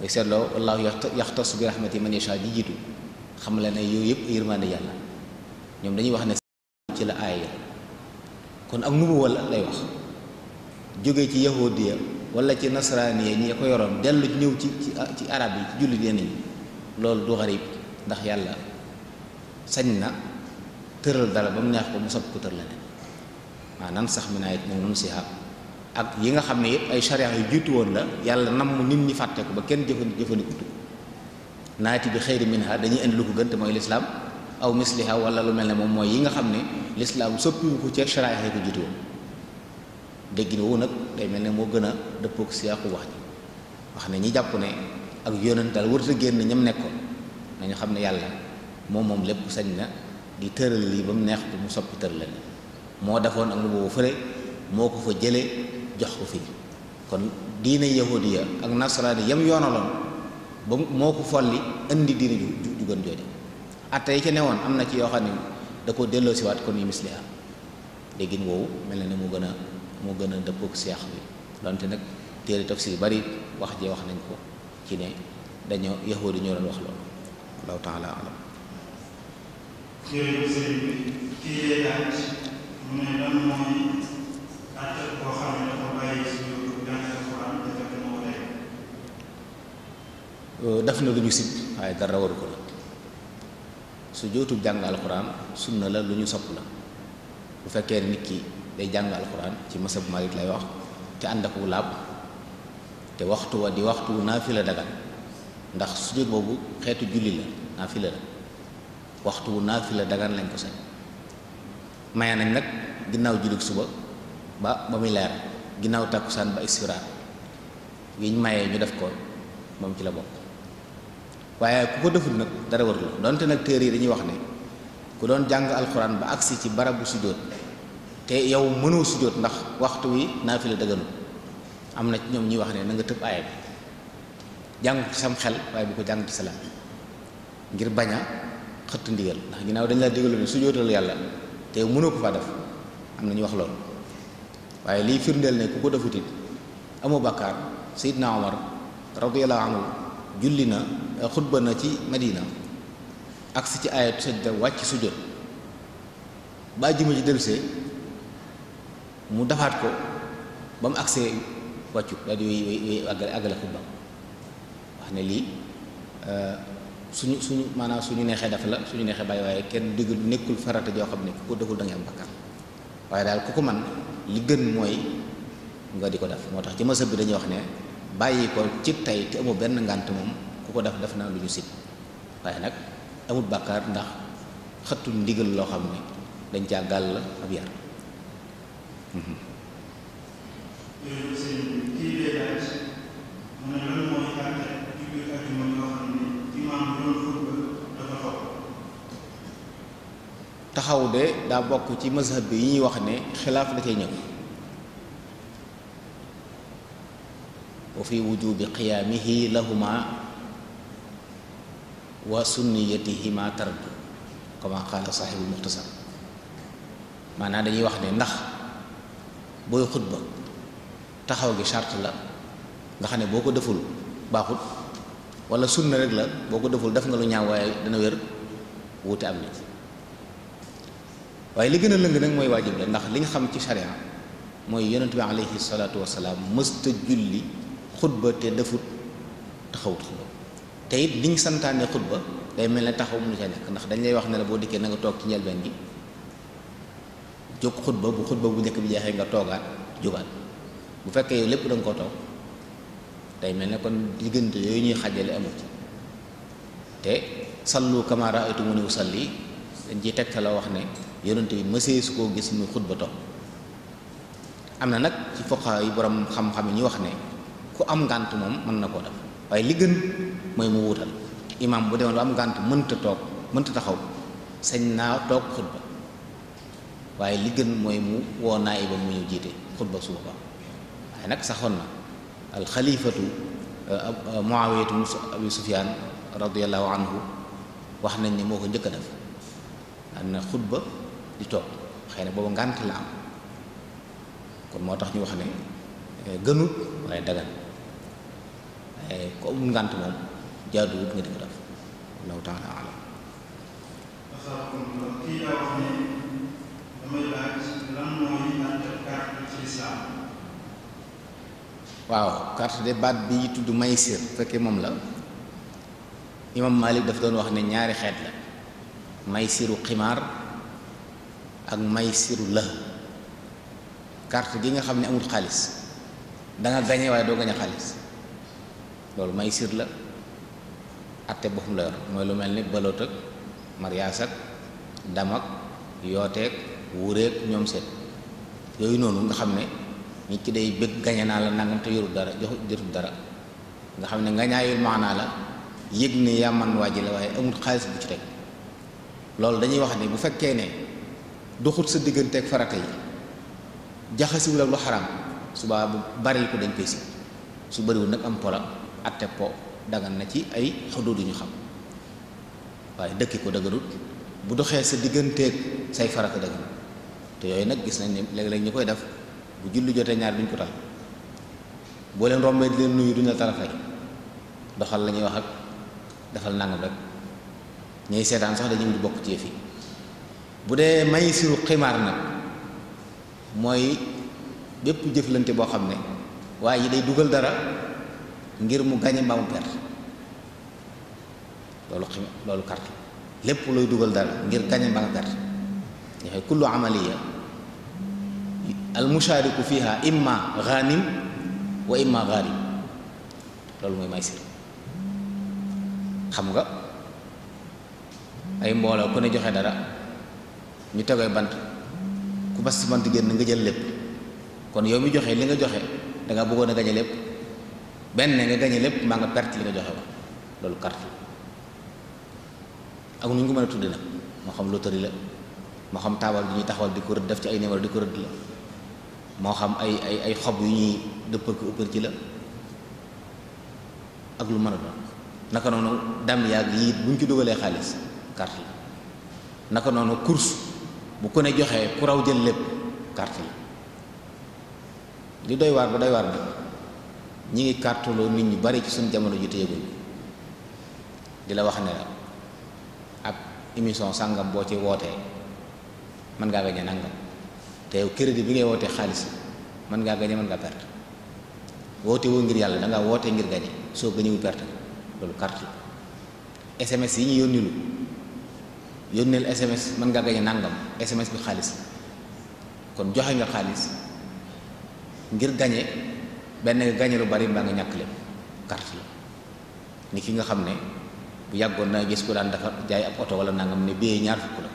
ويسر الله يختص برحمته من يشاء جيتو xam la ne yooyu yëpp yàlla ñoom dañuy wax ne ci la aay kon ak nu mu wala lay wax jóge ci yahudiya wala ci nasaraaniya ñi ko yoroon dellu ñëw ci ci arab yi ci jullit yenn loolu du xarib ndax yàlla sañ na tëral dara ba mu neex ko mu sob ko tër la ne maanaam sax mi naa it moom nun siha ak yi nga xam ne yëpp ay charia yu jiitu woon la yàlla nam mu nit ñi fàtte ko ba kenn jëfandi jëfandikutu naati bi xëyri minha dañuy indi lu ko gën te mooy lislaam aw misliha wala lu mel ne moom mooy yi nga xam ne lislaam soppiwu ko ca sharaaya ko jiitu woon déggin woowu nag day mel ne moo gën a dëppook siyaaku wax ji wax ne ñi jàpp ne ak yonental warta génn ñam nekkoon nañu xam ne yàlla moom moom lépp sañ na di tëral lii ba mu neex ko mu soppi tëral la moo defoon ak lu boobu fële moo ko fa jëlee jox ko fii kon diine yahudiya ak nasraani yam yoonaloon ba moo ko folli indi diri ju ju gën jooja atte yi ci newoon am na ci yoo xam ne da koo delloosiwaat kon yu misliha déggin woowu mel na ne mu gën a mu gën a dëppook seex bi donte nag téere yu bari wax jee wax nañ ko ci ne dañoo yahoo di ñoo wax loolu allahu taala alam Eh, def na lu ñu sib dara waru ko la su jootub jang alquran sunna la luñu ñu sopp la bu fekke nit ki day jang alquran ci masab malik lay wax te andako lab te waxtu wa di waxtu nafila naafila dagan ndax sujud bobu xetu julli la nafila la waxtu nafila naafila dagan lañ ko sañ maya nañ nak ginnaw suba ba ba muy leer ginnaw takusan ba istiraat yiñ maye ñu def ko mom ci la bokk waaye ku ko deful nag dara warul donte nag téere yi dañuy wax ne ku doon jàng alxuraan ba agsi ci barabu sujjóot te yow mënoo sujjóot ndax waxtu wi la dëgganul am na ci ñoom ñuy wax ne na tëb aaya bi jàng ci sam xel waaye bu ko jàng ci sa làmmiñ ngir bañ a xëtt ndigal ndax ginnaaw dañ laa digaloon ne sujjóotal yàlla te yow mënoo ko faa def am na ñu wax loolu waaye liy firndeel ne ku ko defutit amoo bàkkaar Seydina Omar radiyallahu anhu julli na xutba na ci Madina agsi ci ayatu sajda wàcc sujjóot ba àjjuma ji dellusee mu defaat ko ba mu agsee wàccu daal di wéy wéy àggale àggale xutba wax ne lii euh, suñu suñu maanaam suñu neexee dafa la suñu neexee bàyyi waaye kenn digul nekkul farata joo xam ne ku ko deful da ngay am bakkaar waaye daal ku ko man li gën mooy nga di ko def moo tax ci masab bi dañuy wax ne bàyyi ko ci tey te amu benn ngànt moom ko def def naa lu ñu sit waaye nag amul bàkkaar ndax xëttul ndigal loo xam ne dañ caa gàll ab yar taxaw de daa bokk ci mazhab bi yi ñuy wax ne xilaaf da cay ñëw wa fi wujubi qiyaamihi lahuma wa sunniyatihima tardu kama qaala saaxibul muxtasar maanaam dañuy wax ne ndax booy xutba taxaw gi chart la nga xam ne boo ko deful baaxut wala sunna rek la boo ko deful def nga lu ñaaw waaye dana wér wuute am nit waaye li gën a lëng nag mooy waajib la ndax li nga xam ci sharia mooy yonent bi aleyhi salaatu wasalaam mësta julli xutba te defut taxawut xutba te it liñ santaane xutba day mel ne taxaw mënu ca nekk ndax dañ lay wax ne la boo dikkee na nga toog ci njëlbeen gi jóg xutba bu xutba njëkk bi jeexee nga toogaat jógaat bu fekkee lépp da ko toog day mel ne kon diggante yooyu ñuy xajale ci te sallu kama ra'aytumuni usalli dañ ciy tegta la wax ne yonent bi mësee su koo gis muy xutba toog am na nag ci foqa yi borom xam-xam yi ñu wax ne ku am ngànt moom mën na koo def waaye li gën mooy mu wuutal imam bu demoon ba am ngànt mënta toog mënta taxaw sañ naa toog xutba waaye li gën mooy mu woo naa ba mu ñu jiite xutba suba ba waaye nag saxoon na alxalifatu uh, uh, muawiyatu abi sufyaan radiallahu anhu wax nañ ni moo ko njëkk a def am na xutba di toog xëy na booba ngànt la am kon moo tax ñu wax ne eh, gënut waaye dagan waaye eh, ku ngànt moom jaaduwut nga di ko def waaw carte de baat bi tudd may maysir fekkee moom la imam Malik daf doon wax ne ñaari xeet la maysiru ximaar ak may maysiru la carte gi nga xam ne amul xaalis danga gañe waaye doo gañe xaalis loolu may maysir la atte boppam la yor mooy lu mel ni bëloot ak mariyaas ak dam ak yooteeg ñoom seet yooyu noonu nga xam ne nit ki day bëgg gañe naa la nangam te yorul dara joxu jotul dara nga xam ne nga ñaayul maanaa la yëg ne yaa man waa ji la waaye amul xaalis bu ci teg loolu dañuy wax ni bu fekkee ne doxut sa digganteeg farata yi jaxasiwul ak lu xaram suba bu bari ko dañ koy si su bariwul nag am pola atte po dagan na ci ay xuduud yu ñu xam waaye dëkki ko dëgërut bu doxee sa digganteeg say farata dëgg te yooyu nag gis nañ ne léeg-léeg ñu koy def bu julli jotee ñaar duñ ko tal boo leen rombee di leen nuyu duñ la tarafay doxal la ñuy wax ak defal nangam rek ñuy seetaan sax dañuy di bokk ci yëf yi bu dee may siru ximaar nag mooy bépp jëflante boo xam ne waaye yi day dugal dara ngir mu gañe mbaa mu loolu xam loolu carte lépp looy dugal dara ngir gañe mbaa nga perte ñaxe kullu amaliya al mushaariku fiha imma ghanim wa imma gharib loolu mooy maysir xam nga ay mbooloo ku ne joxe dara ñu tegoy bant ku bas si bant génn nga jël lépp kon yow mi joxe li nga joxe danga bëggoon a gañe lépp benn nga gañe lépp mbaa nga perte li nga joxe woon loolu carte ak nuñ ko mën a tudde nag moo xam loterie la moo xam taabal bi ñuy taxawal di ko rëdd def ci ay numéro di ko rëdd la moo xam ay ay ay xob yu ñuy dëppal ko ëppal ci la ak lu mën a doon naka noonu dam yàgg yi bu ñu ci dugalee xaalis carte la naka noonu course bu ko ne joxee ku raw jël lépp carte la li doy waar ba doy waar bi ñi ngi kàrtuloo nit ñu bari ci suñu jamono ji téyegul di la wax ne la ab émission sàngam boo ci wootee mën ngaa gañe nangam te yow crédit bi ngay wootee xaalis mën ngaa gañe mën ngaa perte woote woo ngir yàlla dangaa wootee ngir gañe soo gañewu perte loolu carte SMS yi ñu yónni lu yónneel mën ngaa gañe nangam SMS bi xaalis yi kon joxe nga xaalis ngir gañe benn nga gàñe lu bari mbaa nga ñàkk lépp carte la ni ki nga xam ne bu yàggoon naa gis ko daan dafa jaay ab oto wala nangam ne biyee ñaar fukk la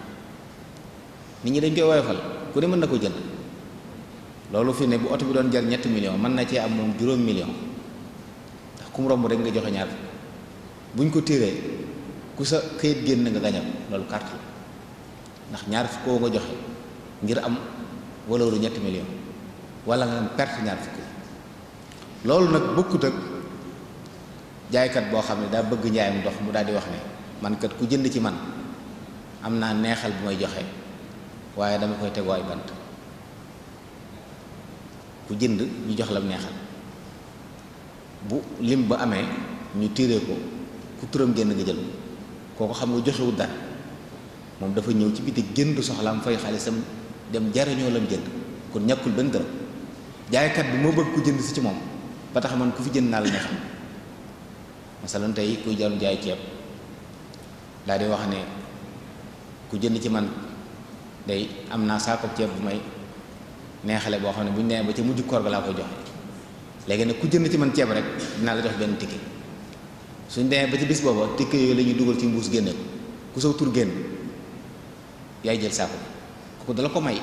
nit ñi dañ koy woyofal ku ne mën na ko jënd loolu fi ne bu oto bi doon jar ñetti million mën na cee am moom juróom million ndax ku mu romb rek nga joxe ñaar fukk buñ ko téeree ku sa këyit génn nga gañam loolu carte la ndax ñaar fukk koo nga joxe ngir am wala ñetti million wala nga am perte ñaar fukk loolu nag bokkut ak jaaykat boo xam ne daa bëgg njaayam ndox mu daal di wax ne man ku jënd ci man am naa neexal bu may joxe waaye dama koy tegoo ay bant ku jënd ñu jox la neexal bu lim ba amee ñu tiire ko ku turam génn nga jël kooku xam nga joxewul dara moom dafa ñëw ci biti génn soxlaam fay xaalisam dem jariñoo lam jënd kon ñàkkul benn dërëm jaaykat bi moo bëgg ku jënd si ci moom ba tax man ku fi jënd naa la ne xam masalan kuy jarum jaay ceeb daal di wax ne ku jënd ci man day am naa saako ceeb bu may neexale boo xam ne buñ ñu ba ca mujj koor ga laa koy joxe léegi nag ku jënd ci man ceeb rek dinaa la jox benn ticket suñ demee ba ci bis booba ticket yooyu la dugal ci mbuus génne ko ku saw tur génn yaay jël saako bi kooku dala ko may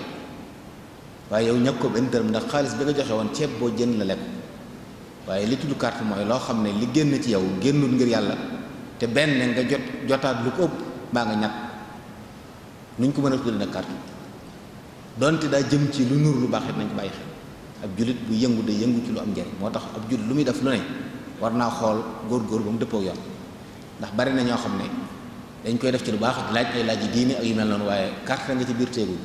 waaye yow ñàkk ko benn dërëm ndax xaalis bi nga joxe woon ceeb boo jënd la lekk waaye li tudd carte mooy loo xam ne li génn ci yow génnul ngir yàlla te benn nga jot jotaat lu ko ëpp baa nga ñàkk nuñ ko mën a tudd nag carte donte daa jëm ci lu nur lu baax it nañ ko bàyyi xel ab jullit bu yëngu day yëngu ci lu am njariñ moo tax ab jullit lu muy def lu ne war naa xool góor-góor ba mu dëppoo yoon ndax bari na ñoo xam ne dañ koy def ci lu baax laaj ay laaj yi diine ak yu mel noonu waaye carte nga ci biir teegul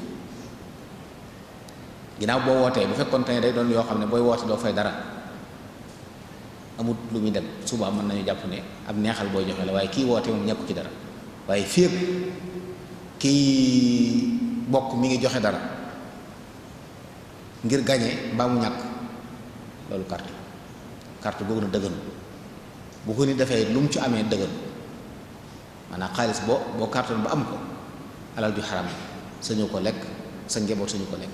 ginnaaw boo wootee bu fekkoon tane day doon yoo xam ne booy woote doo fay dara amut lu muy dem suba mën nañu jàpp ne ab neexal booy joxe la waaye kii woote moom ñàkku ci dara waaye yëpp kii bokk mi ngi joxe dara ngir gañe mbaa mu ñàkk loolu carte carte googu na dëgënu bu ko ni defee lu mu ci amee dëgënu maanaam xaalis boo boo carton ba am ko alal ju xaram sañu ko lekk sa njaboot sañu ko lekk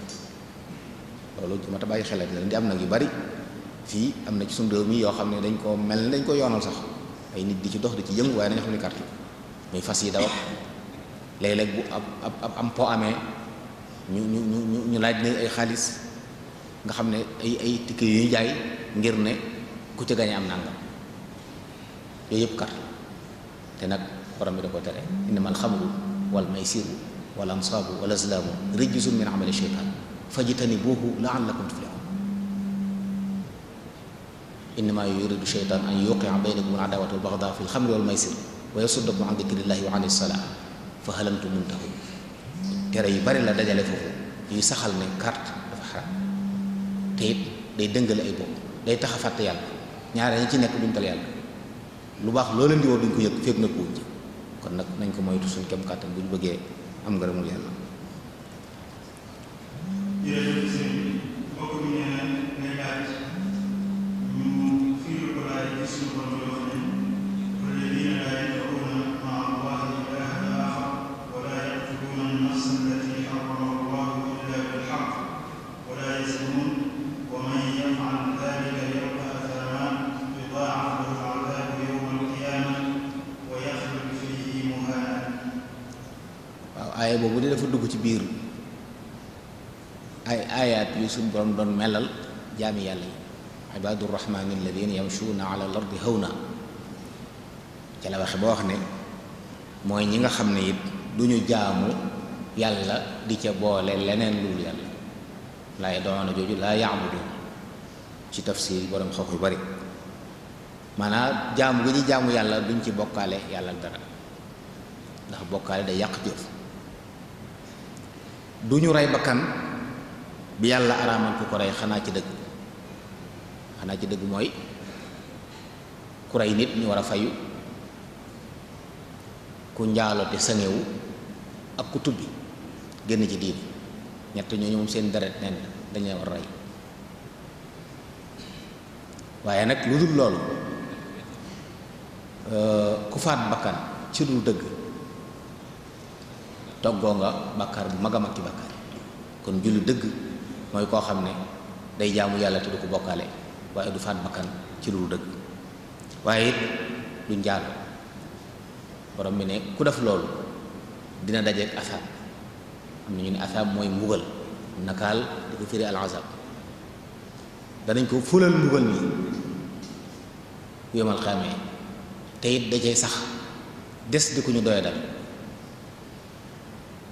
loolu ma ta bàyyi xel di am nag yu bari fii am na ci suñu réew mi yoo xam ne dañ ko mel ne dañ ko yoonal sax ay nit di ci dox di ci yëngu waaye nañu xam ne carte muy fas yi daw léeg-léeg bu ab ab am po amee ñu ñu ñu ñu laaj ne ay xaalis nga xam ne ay ay ticket yu jaay ngir ne ku ci gañe am nangam yooyu yëpp carte te nag borom bi da ko tere innamal xamru wal maysiru wal ansaabu wal azlaamu rijsun min amali shaytaan fajtanibuuhu laallakum tuflihun إنما يريد الشيطان أن يوقع بينكم العداوة والبغضاء في الخمر والميسر ويصدكم عن ذكر الله وعن الصلاة فهل أنتم منتهون tere yu bari la dajale foofu yuy saxal ne carte dafa xaraam te it day dëngal ay bopp day tax a fàtte yàlla ñaare ñi ci nekk duñ tal yàlla lu baax loo leen di woo duñ ko yëg féeg na ko ji kon nag nañ ko moytu suñ kem kàttan bu ñu bëggee am ngërëmul yàlla. jërëjëf sëñ mbokk mi ñu waaye boobu dafa dugg ci biir ay aayaat yu suñ borom doon melal jaami yàlla yi ibaadu raxmaani alladina yamchuuna ala al ardi hawna ca la waxe ba wax ne mooy ñi nga xam ne it du ñu jaamu yàlla di ca boole leneen lul yàlla laa yadoona jooju laa yaabudu ci tafsir borom xoox yu bari maanaam jaamu gi ñu jaamu yàlla duñ ci bokkaale yàlla dara ndax bokkaale day yàq jëf du ñu rey bakkan bi yàlla araamal ku ko rey xanaa ci dëgg xanaa ci dëgg mooy ku rey nit ñu war a fayu ku njaalo te sangewu ak ku tubbi génn ci diini ñett ñooñu moom seen deret nen dañ war rey waaye nag lu dul loolu euh, ku faat bakkan ci dul dëgg toggoo nga bàkkaar bu mag a mag ci bàkkaar kon julli dëgg mooy koo xam ne day jaamu yàlla te du ko bokkaale waaye du faat bakkan ci lu dëgg waaye it du njaaloo borom bi ne ku def loolu dina dajeek asaab am na ñu ne asaab mooy mbugal nakaal di ko firi al danañ ko fulal mbugal mi yomal xamee te it sax des di ku ñu doya dal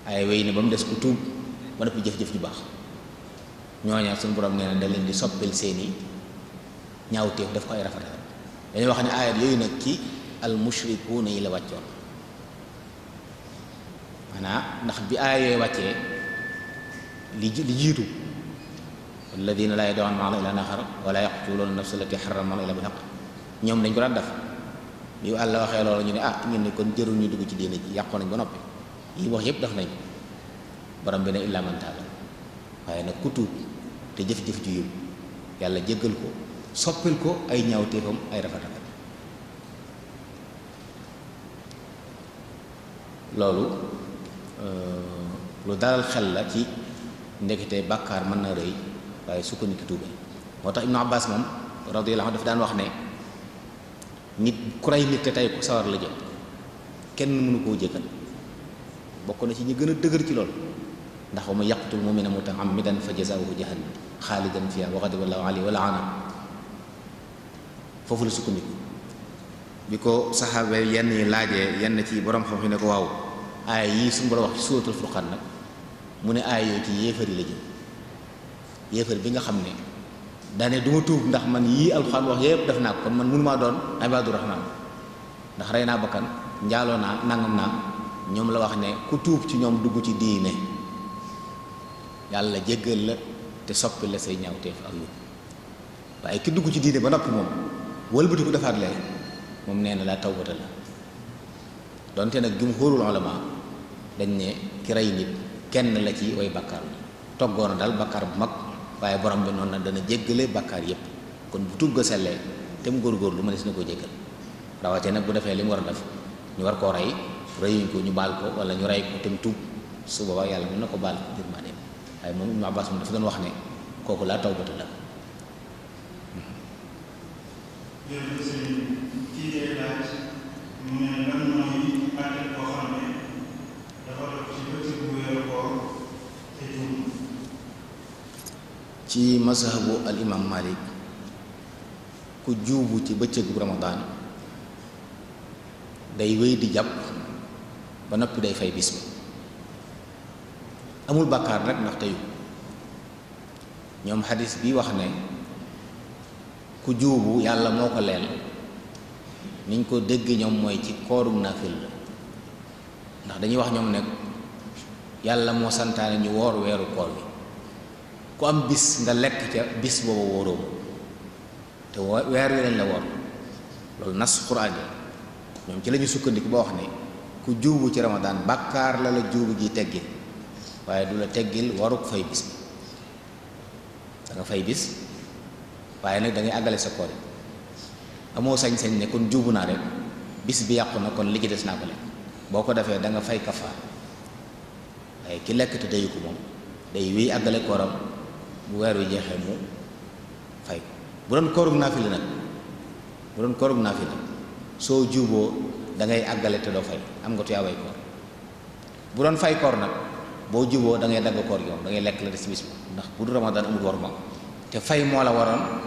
ay wey ne ba mu des ku tuub ba def jëf-jëf ju baax ñooñaat suñu borom nee na da di soppil seeni ñaawteef daf ko ay rafetal dañuy wax ne aayat yooyu nag ci al mushrikuuna yi la wàccoon maanaam ndax bi aaya yooyu wàccee li li jiitu alladina laa yad'uuna ma'a llaahi ilaahan aaxar wa laa yaqtuluuna nafsa allati harrama llaahu illaa bil haqq ñoom dañ ko daan def bi Yàlla waxee loolu ñu ne ah, ne kon jërul ñu dugg ci diina ji yàqoo nañ ba noppi yi wax yépp def nañ borom bi waaye nag ku tuub te jëf-jëf ji yóbbu yàlla jéggal ko soppil ko ay ñaawteefam ay rafetam loolu lu dalal xel la ci ndekete bakkar mën na rëy waaye su ko nit ki tuubee moo tax Ibnu Abbas moom radiyallahu anhu dafa daan wax ne nit ku ray nit te tey ko sawar la jëm kenn mënu koo jëkkal bokk na ci ñi gën a dëgër ci loolu ndax wa man yaqtul mu'mina muta'ammidan fa jazaa'uhu jahannam xaalidan fiha wa ghadiba allahu alayhi wa la'ana foofu la sukkandiku bi ko saxaaba yenn yi laajee yenn ci borom xam fi ne ko waaw aay yii suñu borom wax ci suuratul furqaan nag mu ne aay yooyu ci yéefar yi la jëm yéefar bi nga xam ne daane du ma tuub ndax man yii alxuraan wax yépp def naa ko kon man mënu maa doon ibaadu rahmaan ndax rey naa bakkan njaaloo naa nangam naa ñoom la wax ne ku tuub ci ñoom dugg ci diine yàlla jéggal la te soppi la say ñaawteef ak lu waaye ki dugg ci diine ba noppi moom wëlbatiku defaat leen moom nee na laa tawbata la donte nag jumhurul ulama dañ ne ki rey nit kenn la ci way bakkaar la toggoona daal bakkaar bu mag waaye borom bi noonu na dana jéggale bakkaar yépp kon bu tugg sellee te mu góorgóorlu mënees na ko jéggal rawatee nag bu defee li mu war a def ñu war koo rey reyuñ ko ñu baal ko wala ñu rey ko te mu tuub su boobaa yàlla mën na ko baal ko ngir maa waaye moom Ibnu Abbaas moom dafa doon wax ne kooku laa tawbata la jërëjëf sëñ ci mazhabu al imam ku juubu ci bëccëg bu ramadaan day wéy di jàpp ba noppi day fay bis amul bàkkaar nag ndax teyu ñoom xadis bi wax ne ku juubu yàlla moo ko leel niñ ko dégg ñoom mooy ci koorum bi ndax dañuy wax ñoom ne yàlla moo santaane ñu woor weeru koor bi ku am bis nga lekk ca bis booba wóoroo te weer wi lañ la woor loolu nas quraan yi ñoom ci la ñu sukkandiku ba wax ne ku juubu ci ramadaan bàkkaar la la juubu ji teggil waaye du la teggil waruk fay bis bi fay bis waaye nag da ngay àggale sa koor yi amoo sañ-sañ ne kon juubu naa rek bis bi yàqu na kon li ci des naa ko lekk boo ko defee da nga fay kafaar waaye ki lekk te day wéy àggale bu weer jeexee mu fay bu doon koorug nag bu doon soo juuboo da ngay àggale te doo fay am nga tuyaabay koor bu doon fay koor nag boo juboo da ngay dagg koor gi moom da ngay lekk la des bis bi ndax bu du ramadan amul war moom te fay moo la waroon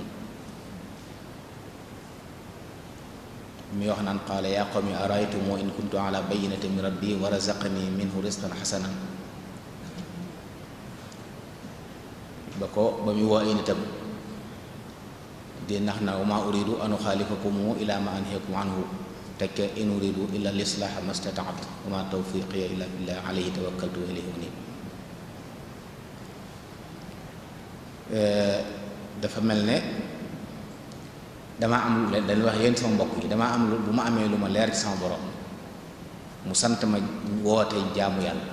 ميوخنان قال يا قوم أرأيتم وإن كنت على بينة من ربي ورزقني منه رزقا حسنا بكو بمي وإن تب دين نحن وما أريد أن أخالفكم إلى ما أنهيكم عنه تك إن أريد إلا الإصلاح ما استطعت وما توفيقي إلا بالله عليه توكلت وإليه أنيب دفع damaa am lu leen wax yéen sama mbokk yi damaa am lu bu ma amee lu ma leer ci sama borom mu sant ma woote jaamu yàlla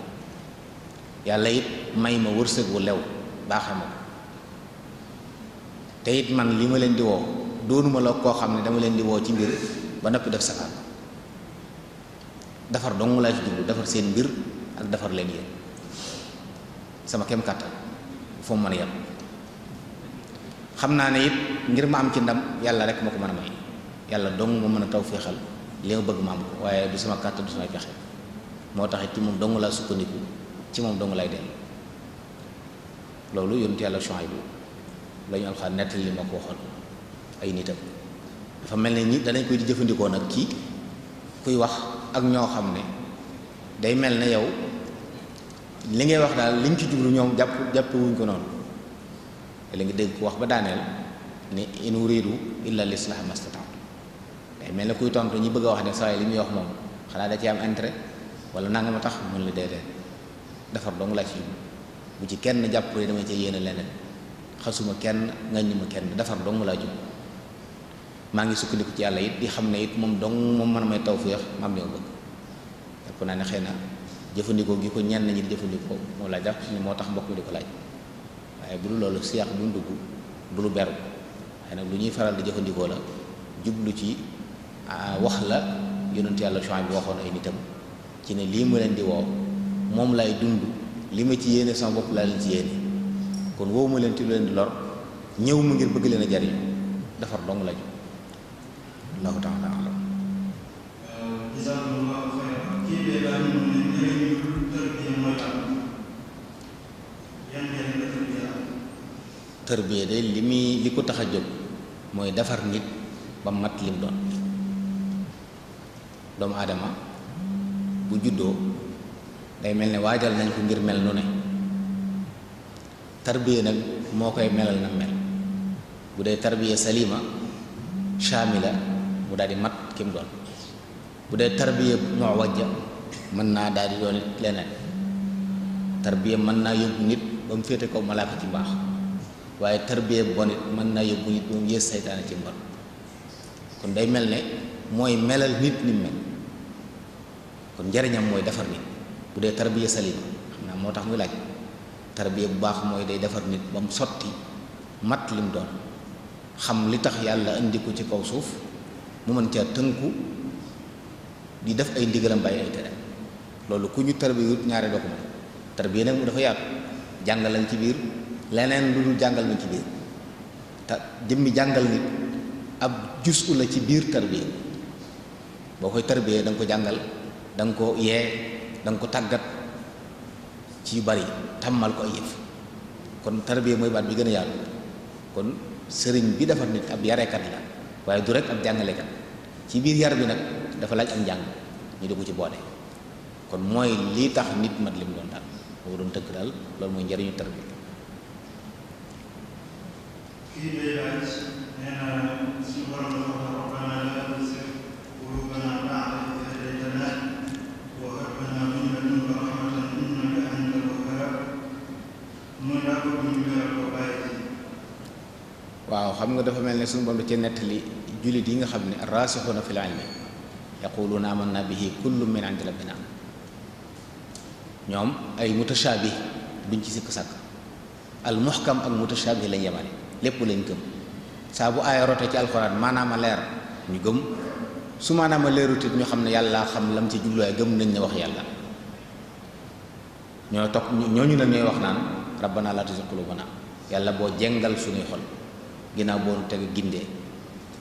yàlla yit may ma wërsëg wu lew baaxe ma ko te it man li ma leen di woo doonuma la koo xam ne dama leen di woo ci mbir ba noppi def safaan defar dong laa ci jublu defar seen mbir ak defar leen yéen sama kem kàttan foo mën a yem xam naa ne it ngir ma am ci ndam yàlla rek ma ko mën a may yàlla dong ma mën a taw féexal li ma bëgg ma am ko waaye du sama kàttan du sama pexe moo tax it ci moom dong sukkandiku ci moom dong lay dellu loolu yonent yàlla Shuayb la ñu alxames nettali li ma ko waxoon ay nitam dafa mel na ñi danañ koy di jëfandikoo nag ci kuy wax ak ñoo xam ne day mel ne yow li ngay wax daal liñ ci jublu ñoom jàpp jàppewuñ ko noonu. la deug ko wax ba daanel ni in uridu illa lislaha mastata eh, day mel ne kuy tontu ñi bëgg wax ne saay li muy wax mom xala da ci am intérêt wala nanga ma tax mun la déedéet defar dong la ci bu ci kenn japp re dama iya ci yéena lenen xasuma kenn ngañuma kenn defar dong la jub ma ngi ko ci yalla it di xam ne it moom dong mom man may tawféex maam li bëgg ko na ne xeyna na jëfandikoo gi ko ñen ñi di jëfandikoo moo laa jàpp ne tax bokku di ko laaj waaye bu dul loolu siyaax bu mu dugg du lu beru waaye nag lu ñuy faral di jëfandikoo la jublu ci wax la yonent yàlla Shuayb bi waxoon ay nitam ci ne lii ma leen di woo moom lay dund li ma ci yéene sama bopp laa leen ci yéene kon woowu ma leen ci lu leen di lor ñëw ngir bëgg leen a jariñ defar dong lañu allahu taala tërbiya de li muy li ko tax a jóg mooy defar nit ba mat lim doon doomu aadama bu juddoo day mel ni waajal nañ ko ngir mel nu ne tarbiya nag moo koy melal nag mel bu dee tarbiya salima shamila mu daal di mat ki mu doon bu dee tarbiya muwajja mën naa daal di doon leneen tarbiya mën naa yóbbu nit ba mu féete ko malaaka ci mbaax waaye tarbiya bon it mën naa yóbbu nit moom yées seytaane ci mbon kon day mel ne mooy melal nit ni mel kon njariñam mooy defar nit bu dee tarbiya salima xam naa moo tax muy laaj tarbiya bu baax mooy day defar nit ba mu sotti mat li mu doon xam li tax yàlla indi ko ci kaw suuf mu mën caa tënku di def ay ndigalam bàyyi ay tere loolu ku ñu tarbiya wut ñaare doo ko mën tarbiya nag mu dafa yaatu jàngalal ci biir leneen lu dul jàngal ma ci biir te jëmmi jàngal nit ab justu la ci biir tarbiya boo koy tarbiya danga ko jàngal danga nga ko yee da ko tàggat ci yu bari tàmmal ko ay yëf kon tarbiya mooy baat bi gën a yaatu kon sëriñ bi defar nit ab yarekat la waaye du rek ab jàngalekat ci biir yar bi nag dafa laaj ak njàng ñu di ko ci boole kon mooy lii tax nit mat li mu doon daal moo doon tëkk daal loolu mooy njëriñu tarbiya waaw xam nga dafa mel ne suñu borom da cee nettali jullit yi nga xam ne raasixuuna fil ilmi yaquluuna amanna bihi kullu min indi rabbina ñoom ay mutashaabih duñ ci sikk sàkk al muhkam ak mutashaabih lañ yemale lépp lañ gëm saa bu aaya rote ci alxuraan maanaam a leer ñu gëm su maanaam a leerutit ñu xam ne yàlla xam lam ci jubluwaay gëm nañ ne wax yàlla ñoo toog ñu la ñuy wax naan rabbana laa tuzigh qulubana yàlla boo jàngal suñuy xol ginnaaw boo teg gindee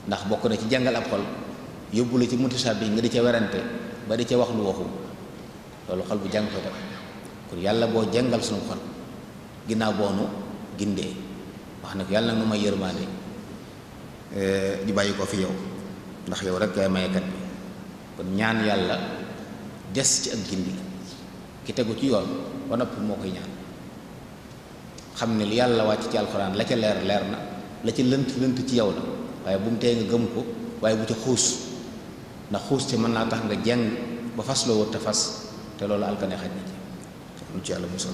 ndax bokk na ci jàngal ab xol yóbbu la ci mutashaabih nga di ca werante ba di ca wax lu waxu loolu xol bu jàng ko def kon yàlla boo jàngal suñu xol ginnaaw boonu gindee wax nag yàlla nag nu may yërmaande eh, di bàyyi ko fi yow ndax yow rek yaay mayekat bi kon ñaan yàlla des ci ak gindi ki tegu ci yoon ba noppi moo koy ñaan xam ne li yàlla wàcc ci alxuraan la ca leer leer na la ci lënt lënt ci yow la waaye bu mu tee nga gëm ko waaye bu ca xuus ndax xuus ci mën naa tax nga jeng ba fas loo wër te fas te loolu alkane xaj na ci nu ci yàlla musal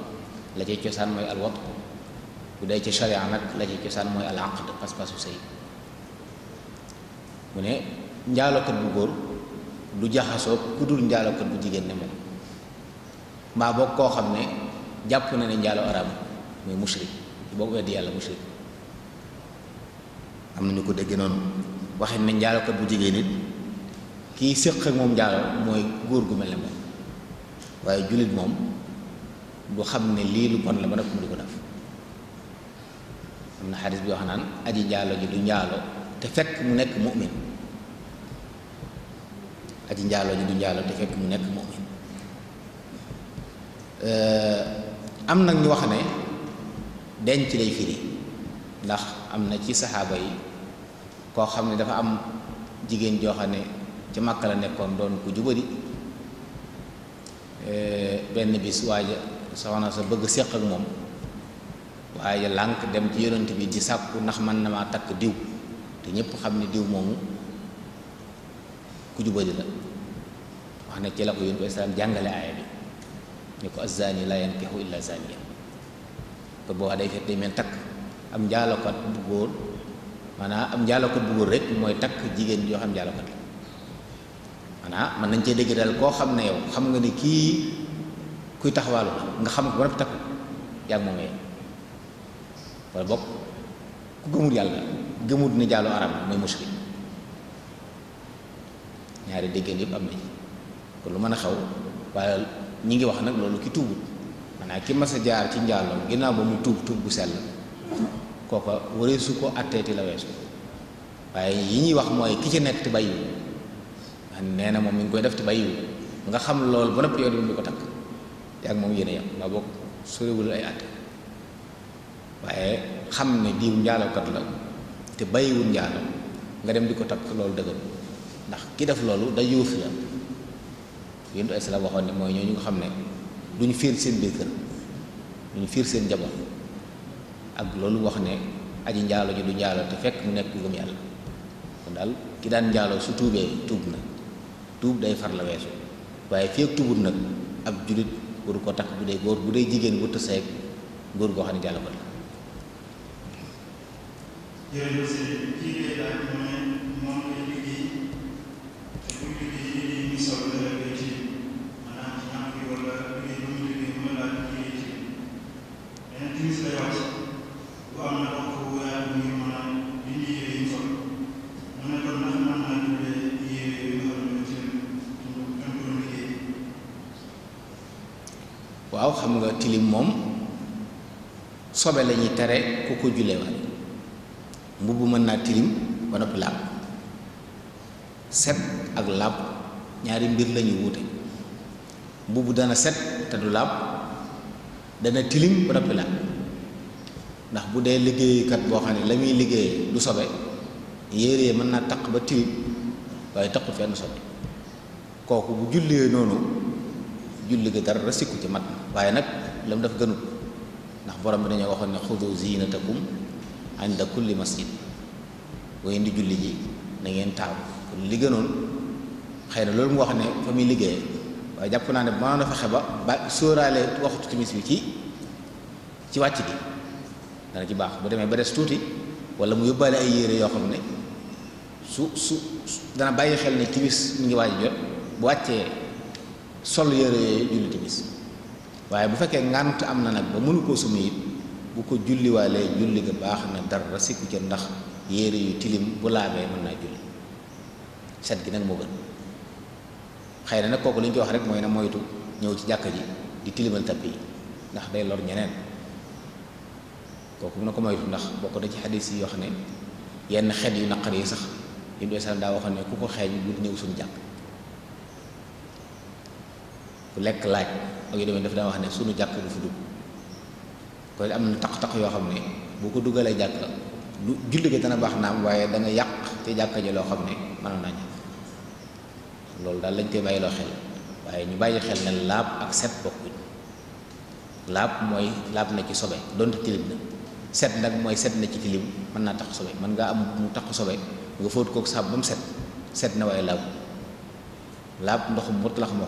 la cay cosaan mooy al wat bu dee ci sharia nag la cay cosaan mooy al aqd pas-pasu sëy mu ne njaalokat bu góor du jaxasoo ku dul njaalokat bu jigéen ne moom mbaa boog koo xam ne jàpp na ne njaalo araam muy mushrik boobu weddi yàlla mushrik am na ñu ko dégg noonu waxin ne njaalokat bu jigéen it kii séq ak moom njaalo mooy góor gu mel ne moom waaye jullit moom du xam ne lii lu bon la ba nag mu di ko def am na xadis bi wax naan aji njaalo ji du njaalo te fekk mu nekk mu'min njaalo ji du njaalo te fekk mu nekk mu'min am nag ñu wax ne denc lay firi ndax am na ci saxaaba yi koo xam ne dafa am jigéen joo xam ne ci makk la nekkoon doon ku jubari benn bis waaja soxna sa bëgg séq ak mom waye lank dem ci bi di sakku nax man na ma tak diw te ñepp xam ne diw mom ku jubali la wax na ci la ko yonent bi islaam jàngale aaya bi ni ko azzaani laa yankihu illa zaaniya ko bo day fete men tak am am ko bu goor mana am ko bu goor rek moy tak jigen yo xam njaalokat ko mana man nañ cee dégg yow xam nga ni ki kuy taxawaalu nga xam ko ba noppi takku yàgg moom yee wala bokk ku gëmul yàlla gëmul ne jaaloo araam mooy muskil ñaari déggéen yëpp am nañ ko lu mën a xaw waaye ñi ngi wax nag loolu ki tuubut maanaam ki mas a jaar ci njaaloo ginnaaw ba mu tuub tuub bu sell kooka wareesu ko atteeti la weesu waaye yi ñuy wax mooy ki ci nekk te bàyyiwu nee na moom mi ngi koy def te bàyyiwu nga xam loolu ba noppi yoon bi mu ko takk yaa moom yéen a yam ndax boo sorewul ay àtte waaye xam ne diw kat la te bàyyiwul njaaloo nga dem di ko takk loolu dëgër ndax ki def loolu da yuuf la yéntu ay salaam waxoon ne mooy ñoo ñu nga xam ne duñu fiir seen biir kër ñu fiir seen njaboot ak loolu wax ne aji njaalo ji du njaalo te fekk mu nekk gëm yàlla kon daal ki daan njaalo su tuubee tuub na tuub day far la weesu waaye fii ak tubut nag ab julit waru ko takk bu dee góor bu dee jigéen bu tëseeg góor goo xam ne jàll ko la xam tilim moom sobe la ñuy tere ku ko mbubb mën naa tilim ba noppi làpp set ak làpp ñaari mbir lañuy wuute mbubb dana set te du làpp dana tilim ba noppi làpp ndax bu dee liggéeykat boo xam ne la muy liggéey du sobe yére mën naa taq ba tilim waaye taqul fenn sobe kooku bu jullee noonu julli gi dara sikku ci mat na waaye nag la mu def gënut ndax borom bi dañoo waxoon ne xudu zinatakum inda kulli masjid way indi julli ji na ngeen taaw kon li gënoon xëy na loolu mu wax ne fa muy liggéeye waaye jàpp naa ne mënoon na fexe ba ba sóoraale waxtu timis bi ci ci wàcc gi dana ci baax bu demee ba des tuuti wala mu yóbbaale ay yére yoo xam ne su su dana bàyyi xel ne timis mu ngi waaj jot bu wàccee sol yére yooyu julli timis waaye bu fekkee ngànt am na nag ba mënu koo sumi bu ko julliwaalee julli ga baax na dara sikku ca ndax yére yu tilim bu laabee mën naa julli set gi nag moo gën xëy na nag kooku li ñu ci wax rek mooy na moytu ñëw ci jàkk ji di tilimal tappi yi ndax day lor ñeneen kooku mën na ko moytu ndax bokk na ci xadis yi yoo xam ne yenn xet yu naqar yi sax yi doy sax daa waxoon ne ku ko xeeñ bu ñëw suñu jàkk ku lekk laaj ak yu demee dafa daan wax ne sunu jàkk du fi dugg kon am na taq-taq yoo xam ne boo ko dugalee jàkk lu julli ga dana baax naam waaye da nga yàq te jàkka ji loo xam ne mënoon naa loolu daal lañ koy bàyyiloo xel waaye ñu bàyyi xel ne laab ak set bokkuñ laab mooy laab na ci sobe donte tilim na set nag mooy set na ci tilim mën naa taxu sobe mën ngaa am mu taxu sobe nga fóot kook saab ba mu set set na waaye laab laab ndoxum mutlaq moo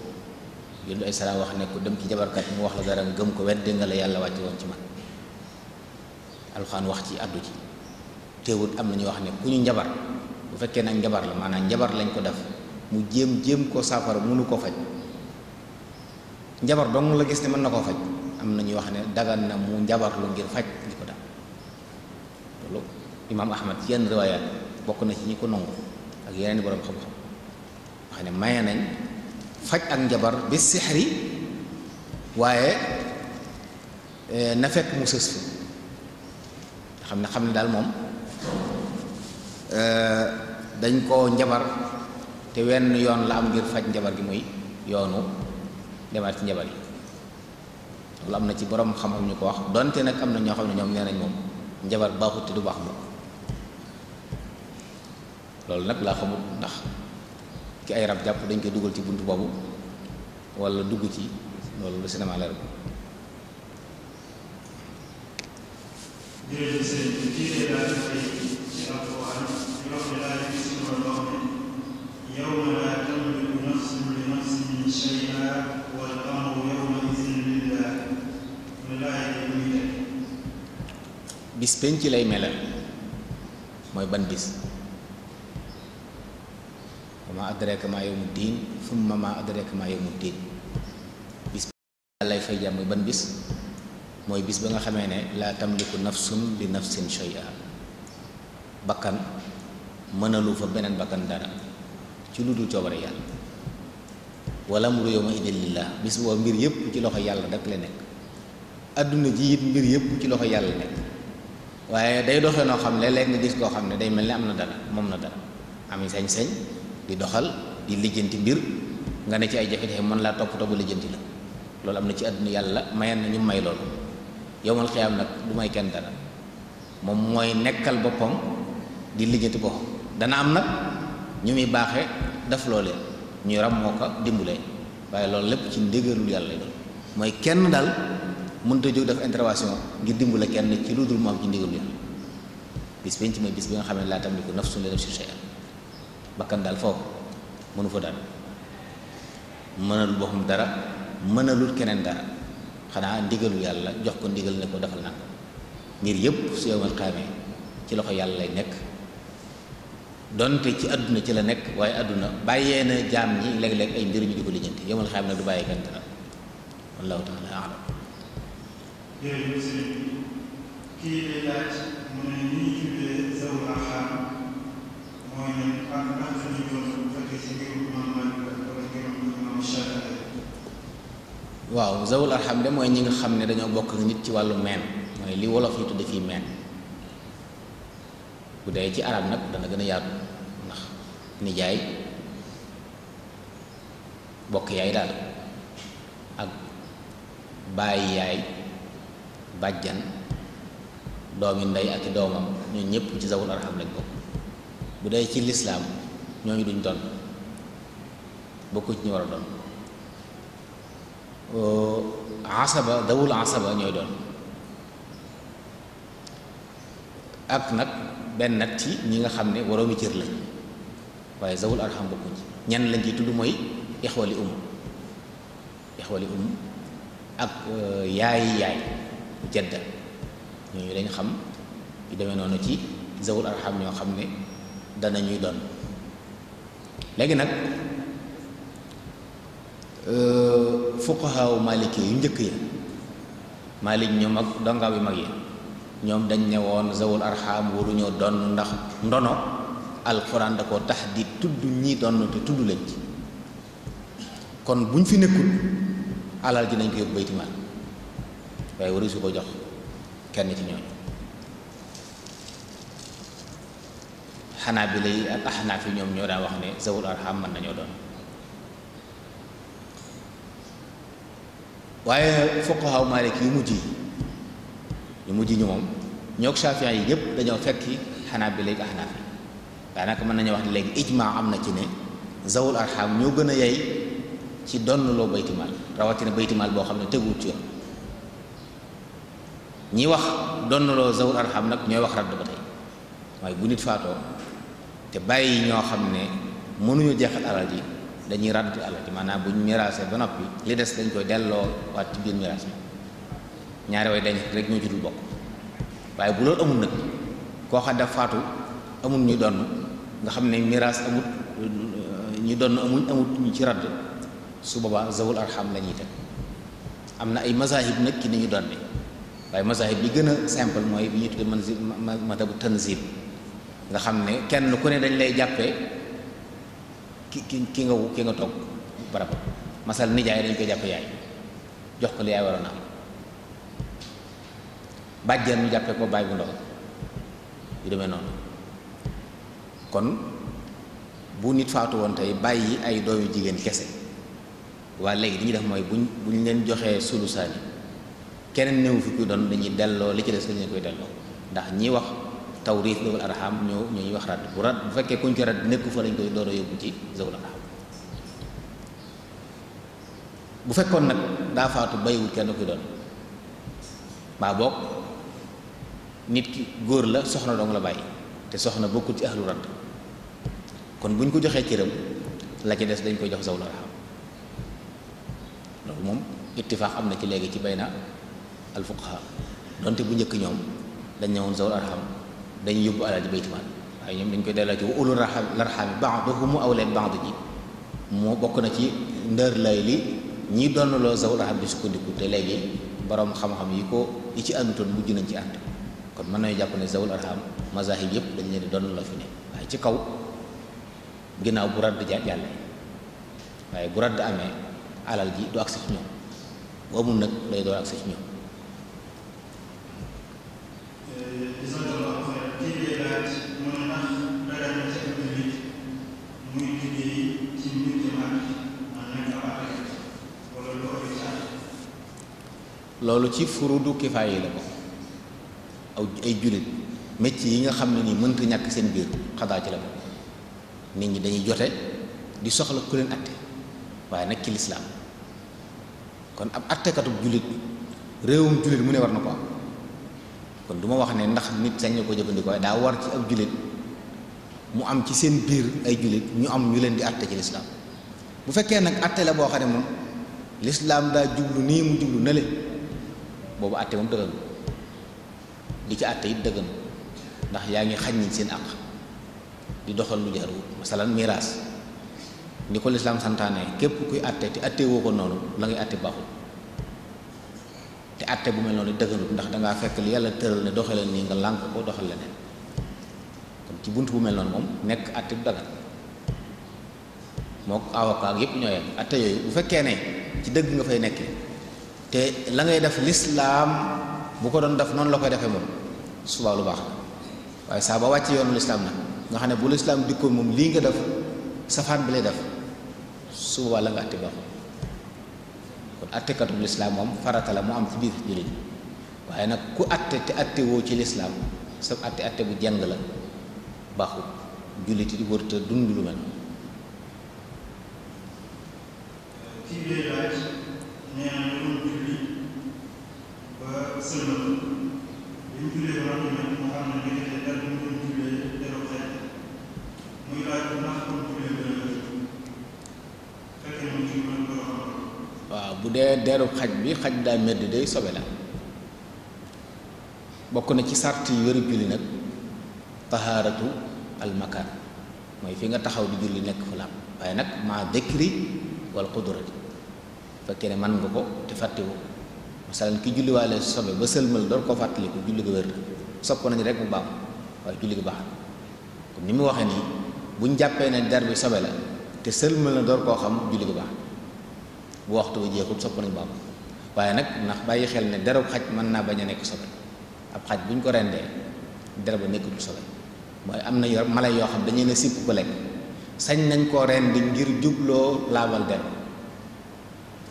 jëndu ay sara wax nekku ku dem ci jabarkat mu wax la dara gëm ko weddi nga la yàlla wàcce woon ci man alxaan wax ci àddu ci teewut am na ñuy wax ne ku ñu njabar bu fekkee nag njabar la maanaam njabar lañ ko def mu jéem jéem koo saafara mënu ko faj njabar dong la gis ne mën na koo faj am na ñuy wax ne dagan na mu njabar lu ngir faj li ko imaam ahmad yenn riwaayaat bokk na ci ñi ko nangu ak yeneen borom xam-xam wax ne maye nañ faj ak njabar bi sixri waaye na fekk mu sës fa nga xam ne xam ne daal moom dañ koo njabar te wenn yoon la am ngir faj njabar gi muy yoonu demaat ci njabar yi loolu am na ci borom xam-xam ñu ko wax donte nag am na ñoo xam ne ñoom nee nañ moom njabar baaxut te du baax moom loolu nag laa xamul ndax ci ay rab japp dañ koy duggal ci buntu bobu wala dugg ci loolu le cinéma leer ko bis penc lay melal moy ban bis ma adraka ma yawmu diin summa ma adraka ma yawmu diin bis lay mooy bis ba nga xamee ne laa tamliku nafsun li nafsin shay'a bakkan beneen bakkan dara ci lu dul coobare yàlla wala amru yëpp ci loxo yàlla rek la adduna ji it mbir yëpp ci loxo yàlla nekk waaye day doxee noo xam ne léeg-léeg nga koo xam ne day mel ni am na dara moom na dara am sañ-sañ di doxal di lijjanti mbir nga ne ci ay jafe-jafe mën laa toppatoo ba lijjanti la loolu am na ci àdduna yàlla mayan na ñu may loolu yowmal xiyaam nag du may kenn dara moom mooy nekkal boppam di lijjanti boppam dana am nag ñu muy baaxe def loole ñuy ràmmoo ko dimbulee waaye loolu lépp ci ndégalul yàlla lay mooy kenn daal mënut a jóg def intervention ngir dimbule kenn ci lu dul moom ci ndigalul yàlla bis penc mooy bis bi nga xam ne laa tamliku nafsun li nafsin shay'an bakkan daal foofu mënu fa dara mënalul boppam dara mënalul keneen dara xanaa ndigalu yàlla jox ko ndigal ne ko defal nag mbir yépp su yowmal xaamee ci loxo yàlla lay nekk donte ci àdduna ci la nekk waaye àdduna bàyyee na jaam ñi léeg-léeg ay mbir ñu di ko lijjanti yowmal xaamee nag du bàyyi kenn dara wallahu taala alam jërëjëf sëriñ kii lay mooy ban ban la ñu doon bu fekkee ci biir imam Malik wala gërëm imam Shafi'i waaw zawul arham de mooy ñi nga xam ne dañoo bokk nit ci wàllu meen mooy li wolof yi tudde fii meen bu dee ci arab nag dana gën a yaatu ndax nijaay bokk yaay daal ak bàyyi yaay bàjjan doomi ndey ak doomam ñun ñëpp ci zawul arham lañ bokk bu dee ci lislaam ñooñu duñ doon bokku ci ñu war a doon ñooy doon ak nag benn nag ci ñi nga xam ne waroomi cër la waaye zawul arham bokkuñ ci ñan lañ ci tudd mooy ixwali um ixwali um ak euh, yaay yaay jadda ñooñu dañ xam yu demee noonu ci zawul arham ñoo xam ne dana ñuy doon léegi nag euh, fuqahaaw maliki yu njëkk yi malik ñu mag dongaaw yu mag yi ñoom dañ ñëwoon woon zawul arxaam waruñoo doon ndax ndono alquran da koo tax di tudd ñi doon te tudd lañ ci kon buñ fi nekkul alal ji nañ ko yóbbu baytimaal waaye waru su ko jox kenn ci ñooñu xanaabila yi ak axnaaf yi ñoom ñoo daan wax ne zawul arham mën nañoo doon waaye fuqahaa maalik yu mujj yi yu mujj ñi moom ñoo shafiyan yi yëpp dañoo fekki xanaabila ak axnaaf daanaka mën nañoo wax ne léegi ijmaa am na ci ne zawul arham ñoo gën a yey ci donn loo baytimaal rawatina baytimaal boo xam ne teguwul ci yoon ñi wax donn loo zawul arham nag ñooy wax radd ba tey waaye bu nit faatoo te bàyyi ñoo xam ne mënuñu jeexal alal ji dañuy ràdd alal ji maanaam buñ miraasee ba noppi li des dañ koy delloo waat ci biir miraas mi ñaari way dañ rek ñoo ci bokk waaye bu loolu amul nag koo xam faatu amul ñuy donn nga xam ne miraas amul ñu donn amul amul ñu ci ràdd su boobaa zawul arxam la ñuy teg am na ay mazahib nag ki ni ñu donne waaye mazahib bi gën a simple mooy bi ñuy tudde man matabu tanzib nga xam ne kenn ku ne dañ lay jàppee ki ki ki nga ki nga toog barab masal nijaay dañ koy jàppe yaay jox ko li yaay waroon am bàjjeen ñu jàppee ko baay bu ndox yu demee noonu kon bu nit faatu woon tey bàyyi ay doomi jigéen kese waa léegi li ñuy def mooy buñ bu ñu leen joxee sulu saani keneen néew fi kuy doon dañuy delloo li ci des lañu koy delloo ndax ñi wax tawriis zawul arham ñoo ñuy wax radd bu radd bu fekkee kuñ ci radd nekku fa lañ koy door a yóbbu ci zawul arham bu fekkoon nag daa faatu bàyyiwul kenn kuy doon maa boog nit ki góor la soxna dong la bàyyi te soxna bokkul ci ahlu radd kon bu ñu ko joxee cëram la ci des dañ koy jox zawul arham loolu moom ittifaax am na ci léegi ci bayna al fuqaha donte bu njëkk ñoom dañ ñëwoon zawul arham dañuy yóbbu alal ji baytimaal waaye ñoom dañ koy delloo ci wa ulul larxaami baaduhum awlaa bi baad ji moo bokk na ci ndër lay li ñi doon loo zawul raham di su sukkandiku te léegi borom xam-xam yi ko yi ci àndutoon mujj nañ ci ànd kon mën nañu jàpp ne zawul arham mazahib yëpp dañ leen di doon loo fi ne waaye ci kaw ginnaaw bu radd ja jàlle waaye bu radd amee alal ji du agsi ci ñoom bu amul nag lay doon agsi ci ñoom euh, loolu ci furudu kifaay la ko aw ay jullit métier yi nga xam ne ni mënta ñàkk seen biir xadaa ci la ko nit ñi dañuy jote di soxla ku leen atte waaye nag ci lislaam kon ab attekatub jullit réewum jullit mu ne war na ko am kon duma wax ne ndax nit sañ na ko jëfandikoo daa war ci ab jullit mu am ci seen biir ay jullit ñu am ñu leen di àtte ci lislaam bu fekkee nag àtte la boo xam ne moom lislaam daa jublu nii mu jublu nële boobu àtte moom dëggan di ci àtte it dëggan ndax yaa ngi xañ seen àq di doxal lu jaru masalan miraas ni ko lislaam santaane képp kuy àtte te àtte woo ko noonu la ngay àtte baaxul te atte bu mel noonu dëgërut ndax dangaa fekk li yàlla tëral ne doxaleen nii nga lànk ko doxal leneen kon ci bunt bu mel noonu moom nekk atte bu dagan yëpp ñoo yem yooyu bu fekkee ne ci dëgg nga fay nekk te la ngay def lislaam bu ko doon def noonu la koy defee moom subaa lu baax saa ba wàcc yoonu lislaam nag nga xam ne bu lislaam dikkoon moom lii nga def safaan bi lay def subaa la nga atte baaxul kon attekatub lislaam moom farata la mu am ci biir jullit waaye nag ku atte te atte woo ci lislaam sa atte atte bu jàng la baaxul jullit yi wërta dund lu mel بودي ديرو خاج بي خاج دا ميد دي سوبلا بوكو نتي سارتي يوربيلي نك طهاره المكان موي فيغا تخاو دي جولي نك فلا باي نك ما ذكري والقدره فكيري من غوكو تفاتيو مثلا كي جولي والي سوبي با سلمل دور كو فاتلي كو جولي غور سوبو ناني ريك مو با واي جولي غبا كوم نيمي واخاني بون جابي ني دربي سوبلا تي سلمل دور كو خام جولي غبا Waktu waxtu wi jeexul sopp nañ boobu nak nak ndax bàyyi xel ne derab xaj man na baña nek sa sobe ab xaj buñ ko sa moy na yor mala yo xam dañu ne sip ko lek sañ nañ ko rendi ngir djublo lawal der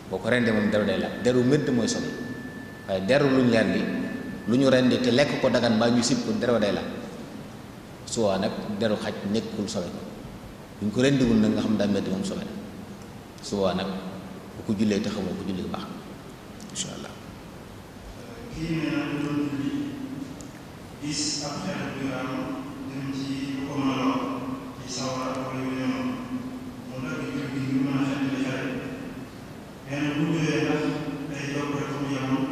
boko rendé mom moom deru day la deru mëdd mooy sobe waaye deru lu ñu rendi luñu rendi te lek ko dagan ba ñu sip ko derba day laab nak deru xaj nekul sa buñ ko wul nak nga xam nak bu ko jullee taxamoo ko julli baax incha allah. kii nee na bu doon julli bi nga am dem ci lu ko a ci moom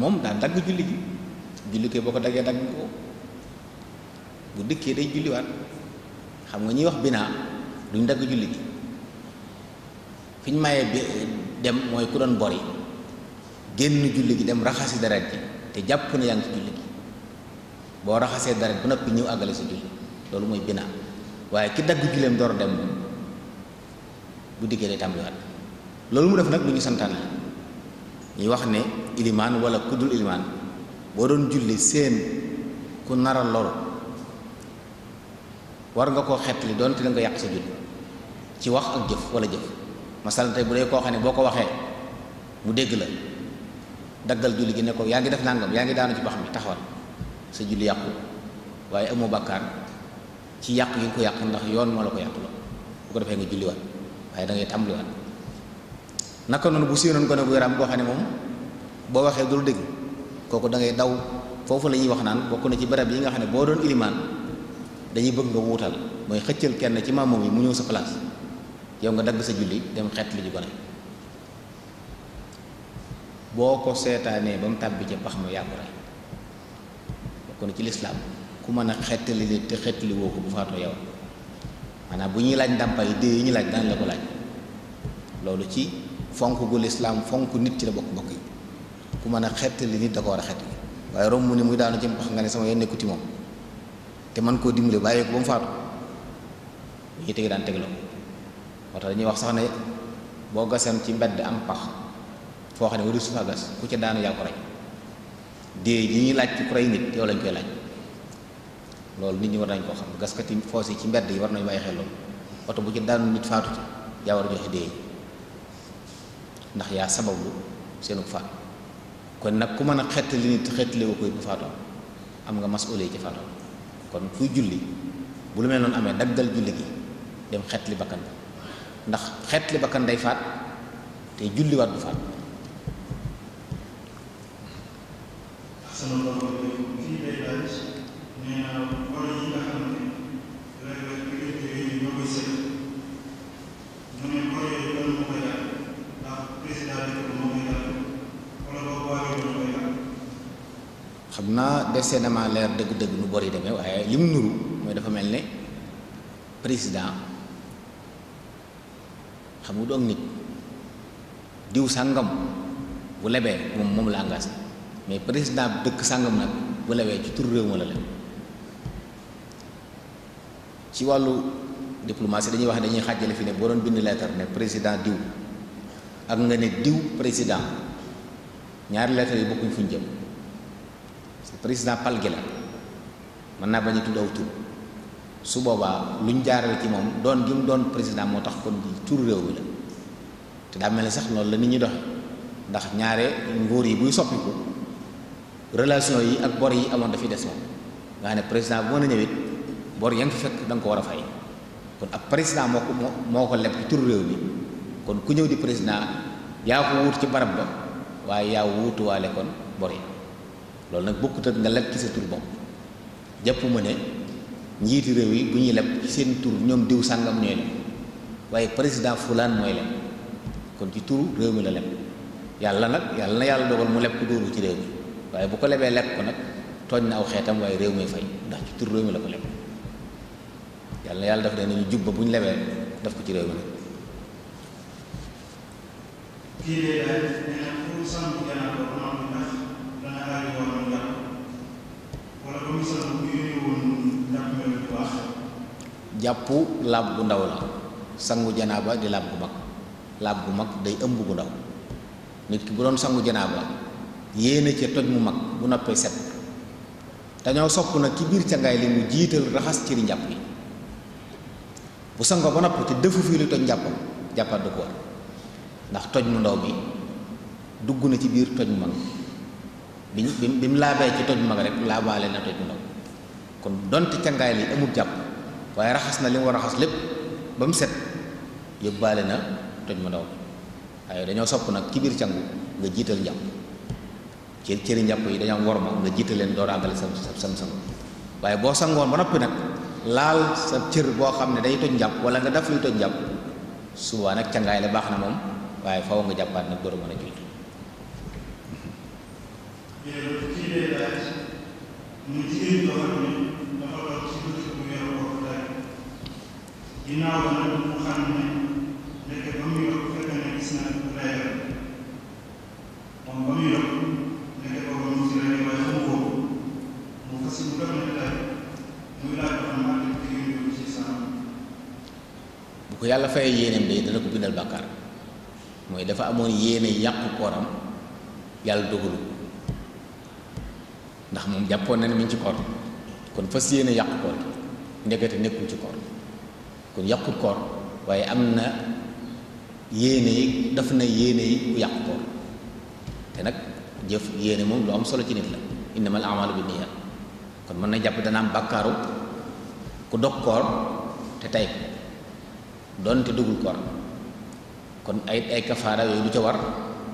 moom dagg julli gi julli kay boo ko daggee dagg ko bu dikkee day julliwaat xam nga ñuy wax binaa duñ dagg julli gi fi bi dem mooy ku doon bori génn julli gi dem raxasi deret ji te jàpp ne yaa boo raxasee deret bu noppi ñëw àggale sa julli loolu mooy bina waaye ki dagg julleem door dem bu diggee day tàmbaliwaat def nag lu ñu santaan la ñuy wax ne ilimaan wala kuddul ilimaan boo doon julli seen ku nar a loru war nga koo xettali doonte da nga yàq sa julli ci wax ak jëf wala jëf masal tay bu dee koo xam ne boo ko waxee dégg la daggal julli gi ne ko yaangi def nangam yaangi daanu ci bax mi taxawal sa julli yaqku waye amoo bakkar ci yaq gi ko yaq ndax yoon mo la ko yaq la bu ko defé nga wat waye da ngay wat naka non bu seenon ko ne bu yaram koo xane mom bo boo dul dégg koku da ngay daw fofu lañuy wax nan bokku na ci barab yi nga xane bo doon iliman dañuy bëgg nga wutal moy xëccël kenn ci maamoom yi mu ñëw sa place yow nga dagg sa julli dem xet li ju gone boo ko seetaanee ba mu tàbbi ca pax ma yàqu rey kon ci lislaam ku mën a xettali nit te xettali woo ko bu faatoo yow maanaam bu ñuy laaj ndàmpaay dee yi ñuy laaj daan ko laaj loolu ci fonk gu lislaam fonk nit ci la bokk bokk yi ku mën a xettali nit da ko war a xettali waaye romb ni muy daanu ci pax nga ne sama yoon nekkuti moom te man koo dimbali bàyyi ko ba mu faatu ñu teg daan tegloo moo tax ñuy wax sax ne boo gasam ci mbedd am pax foo xam ne wari sufa gas ku ci daanu yaa ko rey yi ñuy laaj ci ku rey nit yow lañ koy laaj loolu nit ñi war nañ koo xam gaskati foos yi ci mbedd yi war nañu bàyyi xel loolu oto bu ci daanu nit faatu ci yaa war a joxe dee ndax yaa sabablu seenu faatu kon nag ku mën a xettali nit xettaliwu ko bu faatoo am nga masuulee ci faatoo kon kuy julli bu lu mel noonu amee daggal julli gi dem xettali bakkan bi ndax xeet li bakkan day faat te julliwaat du faat xam naa dese na ma leer dëgg-dëgg nu bor yi demee waaye li mu nuru mooy dafa mel ne président xam nga doon nit diw sàngam bu lebee moom moom la engagé mais président dëkk sàngam nag bu lewee ci tur réew ma la leb ci wàllu diplomatie dañuy wax ne dañuy xàjjale fi ne boo doon bind lettre ne président diw ak nga ne diw président ñaari lettre yi bokkuñ fu ñu jëm parce que président palgi la mën naa ba a tudd aw tur su boobaa lu ñu jaarale ci moom doon gi mu doon président moo tax kon ji tur réew mi la te daa mel ni sax noonu la nit ñi dox ndax ñaare nguur yi buy soppiku relation yi ak bor yi amoon dafay des moom nga xam ne président bu mën a ñëwit bor yaa ngi fekk da ko war a fay kon ab président moo ko moo ko leb ci tur réew mi kon ku ñëw di président yaa ko wuut ci barab ba waaye yaa wuutuwaale kon bor yi loolu nag bokkut ak nga lekk ci sa tur bopp njiiti réew yi bu ñuy leb ci seen tur ñoom diw sàngam ñooy leb waaye président fulaan mooy leb kon ci turu réew mi la leb yàlla nag yàlla na yàlla dogal mu leb ko dóoru ci réew mi waaye bu ko lebee leb ko nag tooñ na aw xeetam waaye réew mi fay ndax ci tur réew mi la ko leb yàlla na yàlla daf leen ñu jub bu ñu lebee def ko ci réew mi nag. jàpp laab gu ndaw la sangu janaaba di laab gu mag laab bu mag day ëmb gu ndaw nit ki bu doon sangu janaaba yéene ca toj mu mag bu noppee set dañoo sopp nag ci biir cangaay li mu jiital raxas ciri bu sangoo ba nopp ci dëfu fii lu toj ko ndax toj mu ndaw bi dugg na ci biir toj mu mag bi bi mu laabee ci toj mu mag rek laabaale na toj mu ndaw kon donte cangaay li amul jàpp waaye raxas na li mu war a raxas lépp ba mu set yóbbaale na toj ma ndaw waaye dañoo sopp nag ci biir cangu nga jiital njàpp ci cëri njàpp yi dañoo am worma nga jiital leen door àggale sa sam sangu waaye boo sangoon ba noppi nag laal sa cër boo xam ne day toj njàpp wala nga def luy toj njàpp subaa nag cangaay la baax na moom waaye faw nga jàppaat nag door a a julli ginnaaw ba nag mu xam ne ba mu yokk fekk na gis na leer moom ba mu yokk mu ci rek waaye xamu ko mu fas mu def ne yàlla fayee yéeneem de dana ko bindal bàkkaar mooy dafa amoon yéene yàqu kooram yàlla dogalu ndax moom jàppoon na ne mi ci koor kon fas yéene yàqu koor ndekete nekkul ci koor kon yàqul koor waaye am na yéene yi daf na yéene yi ku yàqu koor te nag jëf yéene moom lu am solo ci nit la innamal a'maalu binniyaat kon mën na jàpp dana am bàkkaaru ku dog koor te tey doonte dugul koor kon ay ay kafaara yooyu du ca war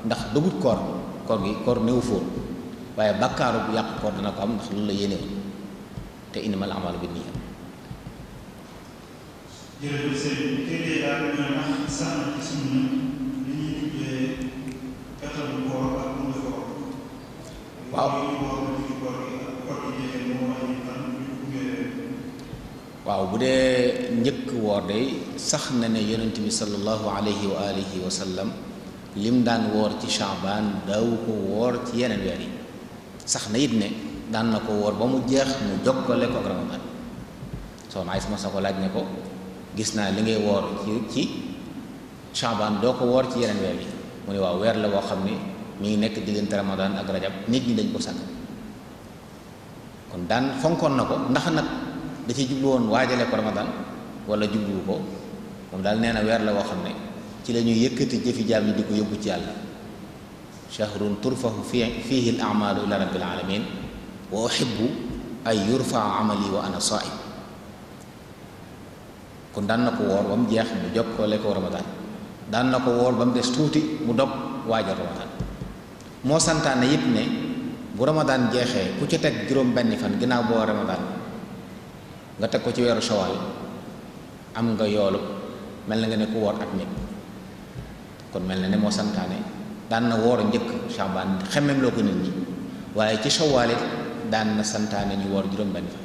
ndax dugut koor koor gi koor néew fóon waaye bàkkaaru bu yàqu koor dana ko am ndax loolu la yéene ma te innamal a'maalu binniyaat waaw bu dee njëkk woor day sax na ne yonent bi sallallahu alayhi wa lim daan woor ci Shaabaan daaw ko woor ci yeneen weer yi sax na it ne daan na ko woor ba mu jeex mu jokkale ko ak Ramadaan soxna Aysa mas na ko laaj ne ko. gis naa li ngay woor ci ci chaban doo ko woor ci yeneen weer yi mu ne waaw weer la boo xam ne mi ngi nekk diggante ramadan ak rajab nit ñi dañ ko sàkk kon daan fonkoon na ko ndax nag da ci jublu woon waajale ko ramadan wala jublu ko moom daal nee na weer la boo xam ne ci la ñuy yëkkati jëfi jaam yi di ko yóbbu ci yàlla shahrun turfahu fihi al amalu ila rabbil alamin wa uhibbu ay yurfaa amali wa ana saib kon daan na ko woor ba mu jeex mu jog ko lekk ramadan daan na ko woor ba mu des tuuti mu dog waajal ramadan moo santaane yépp ne bu ramadan jeexee ku ci teg juróom benn fan ginnaaw boo ramadan nga teg ko ci weeru shawal am nga yoolu mel na nga ne ku woor ak mel na ne moo santaane daan na woor njëkk Shaabaan xemmem loo ko nit ñi waaye ci shawaal it daan na santaane ñu woor juróom benn fan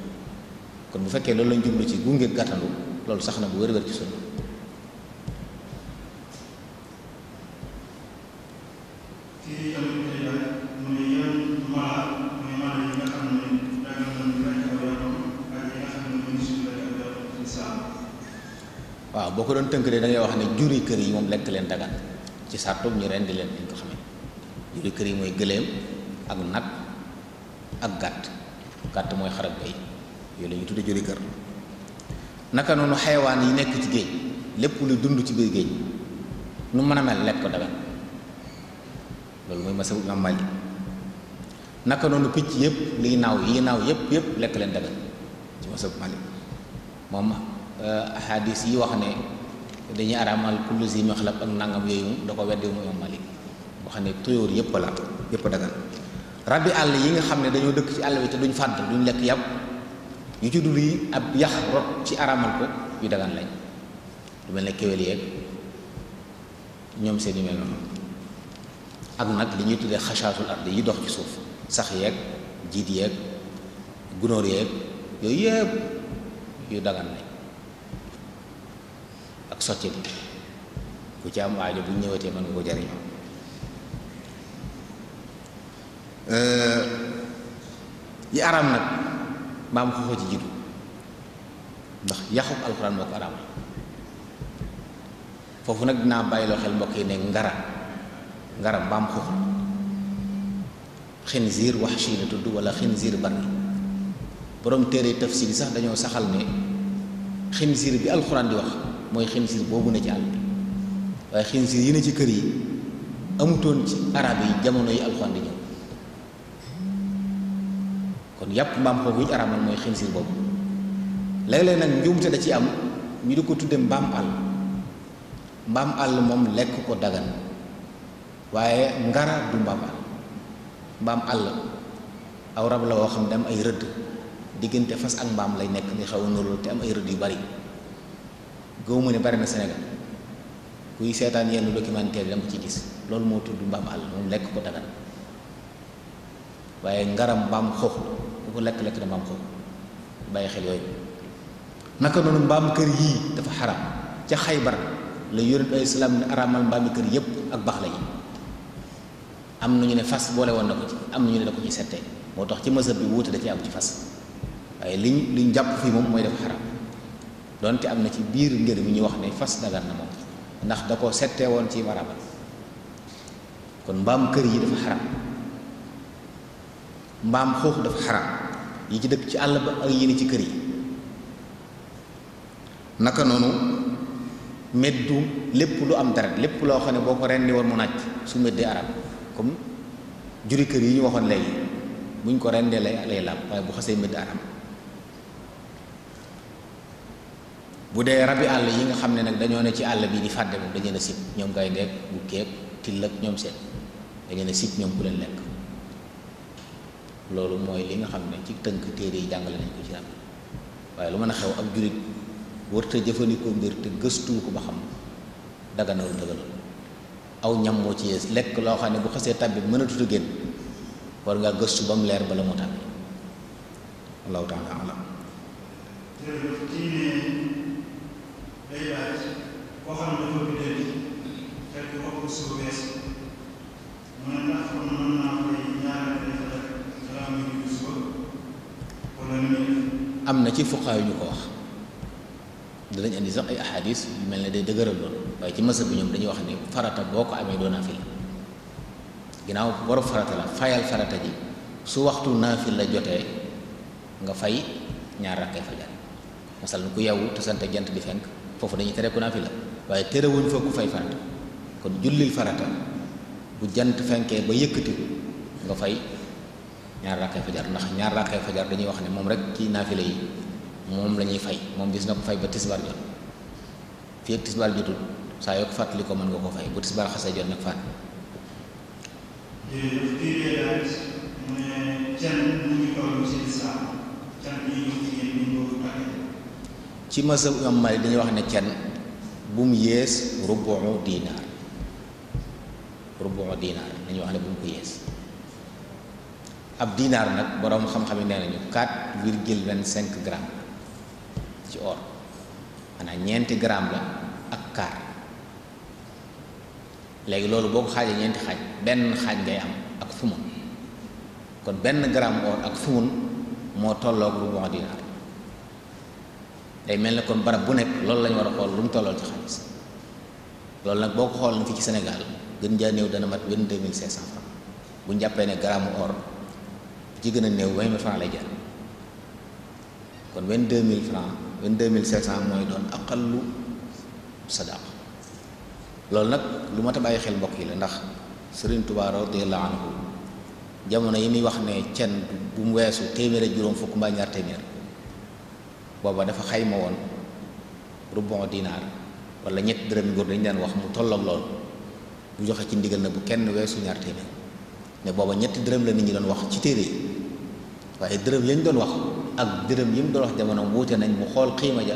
kon bu fekkee loolu lañ jublu ci gunge gàttandu loolu sax na bu wër-wër ci sunna waaw boo ko doon tënk de da wax ne juri kër yi moom lekk leen dagan ci sàttum ñu di leen dañ ko xamee juri kër yi mooy gëléem ak nag ak gàtt gàtt mooy xarab bay yooyu la ñuy tudde juri kër naka noonu xayawaan yi nekk ci géej lépp lu dund ci biir géej nu mën a mel lekk ko dagan loolu mooy masabu imam Malik naka noonu picc yëpp liy naaw yi naaw yëpp yëpp lekk leen dagan ci masabu Malik moom euh, ahadis yi wax ne dañuy araamal kullu zi mixlab ak nangam yooyu da ko weddi mu imam Malik wax ne tuyóor yëpp la yëpp dagan rabi àll yi nga xam ne dañoo dëkk ci àll bi te duñ fàdd duñ lekk yàpp yu ci dul yi ab yax rot ci aramal ko yu dagan lañ lu mel ne kéwél yeeg ñoom seen yu mel noonu ak nag li ñuy tuddee xashaatul ardi yi dox ci suuf sax yeeg jiit yeeg gunóor yeeg yooyu yëpp yu dagan lañ ak socce bi ku ci am aajo bu ñëwatee mën nga ko jariñoo euh, yi araam nag maam xuuxa ci jiitu ndax yàqub alxuraan moo ko araamal foofu nag dinaa bàyyiloo xel mbokk yi ne ngara ngara mbaam xuuxa xinziir waxshi la tudd wala xinziir barri borom téere tafsir yi sax dañoo saxal ne xinziir bi alxuraan di wax mooy xinziir boobu ne ci àll bi waaye xinziir yi ne ci kër yi amutoon ci arab yi jamono yi alxuraan di kon yàpp mbaam xoox wi ñu araamal mooy xinsiir boobu léeg-léeg nag njuumte da ci am ñu di ko tudde mbaam àll mbaam àll moom lekk ko dagan waaye ngara du mbaam mbaam àll aw rab la woo xam ne am ay rëdd diggante fas ak mbaam lay nekk ni xaw a nurul te am ay rëdd yu bari gëw mu ne bari na Sénégal kuy seetaan yenn documentaire yi dama ci gis loolu moo tudd mbaam àll moom lekk ko dagan waaye ngaram mbaam xoox ku ko lekk lekk na mbaam xur bàyyi xel yooyu naka noonu mbaam kër yii dafa xaram ca xaybar la yonent ay salaam ne araamal mbaami kër yépp ak baax la yi am na ñu ne fas boole woon na ko ci am na ñu ne da ko ci settee moo tax ci mësab bi wuute da ci am ci fas waaye liñ liñ jàpp fii moom mooy dafa xaram donte am na ci biir ngër mi ñu wax ne fas dagar na moom ndax da ko settee woon ci waraamal kon mbaam kër yi dafa xaram mbaam xooxu dafa xaraam yi ci dëkk ci àll ba ak yéene ci kër yi naka noonu meddu lépp lu am dara lépp loo xam ne boo ko rendi war mu naaj su meddee arab comme juri kër yi ñu waxoon léegi buñ ko rendee lay lay làpp waaye bu xasee medd arab bu dee rabi àll yi nga xam ne nag dañoo ne ci àll bi di fàdde moom dañu ne ñoom gayndeek bu keek till ak ñoom seen dañu ne sib ñoom ku leen lekk loolu mooy li nga xam ne ci tënk téere yi jàngale nañ ko ci am waaye lu mën a xew ak jullit wërta jëfandikoo mbir te gëstu ko ba xam daganal dëggalal aw ñam moo ci yees lekk loo xam ne bu xasee tàbbi mënatut a génn war ngaa gëstu ba mu leer bala mu tàbbi allahu taala alam koo ne dafa bidal fekk bopp su bees mu ne ndax mën naa koy ñaareel am na ci fuqaa ñu ko wax danañ indi sax ay ahadis yu mel ne day dëgëral loolu waaye ci masa bi ñoom dañuy wax ne farata boo ko amee doo naafila ginnaaw waru farata la fayal farata ji su waxtu naafila jotee nga fay ñaar rakkay fajar masal ku yeewu te sant jant di fenk foofu dañuy tere ku naafila waaye terewuñ fa ku fay farata kon jullil farata bu jant fenkee ba yëkkati nga fay ñaar rakay fajar ndax ñaar rakay fajar dañuy wax ni mom rek ci naafile yi mom lañuy fay mom gis nga ko fay ba tisbar jot fi ak tisbar jotul sa yoo ko fàttali ko man nga ko fay bu tisbar xasse jot nag fàtt ci ma sa am mari dañuy wax ne cian bu mu yes rubu dinar rubu dinar dañuy wax ne bu mu ko yées ab dinaar nag boroom xam-xam yi nee nañu quatre virgule vingt cinq gramme ci or maanaam ñeenti gramme la ak quart léegi loolu boo ko xaajee ñeenti xaaj benn xaaj ngay am ak fumun kon benn gramme or ak fumun moo tolloog lu bon dinaar day mel ne kon barab bu nekk loolu lañu war a xool lu mu tollool ci xaalis loolu nag boo ko xool na fi ci Sénégal gën jaa néew dana mat vingt-deux mille bu ñu ne gramme or ci gën a néew vingt mille francs lay jar kon vingt deux mille francs vingt deux mille cinq mooy doon aqallu sadaq loolu nag lu ma ta bàyyi xel mbokk yi la ndax Sëriñ Tuubaa radiyallaahu anhu jamono yi muy wax ne cen bu mu weesu téeméer ak juróom fukk mbaa ñaar téeméer booba dafa xayma woon rubon dinaar walla ñett dërëm góor dañ daan wax mu tolloog loolu bu joxe ci ndigal na bu kenn weesu ñaar téeméer ne booba ñetti dërëm la nit ñi doon wax ci téere yi waaye dërëm yañ doon wax ak dërëm yi mu doon wax jamono wuute nañ mu xool xiima ja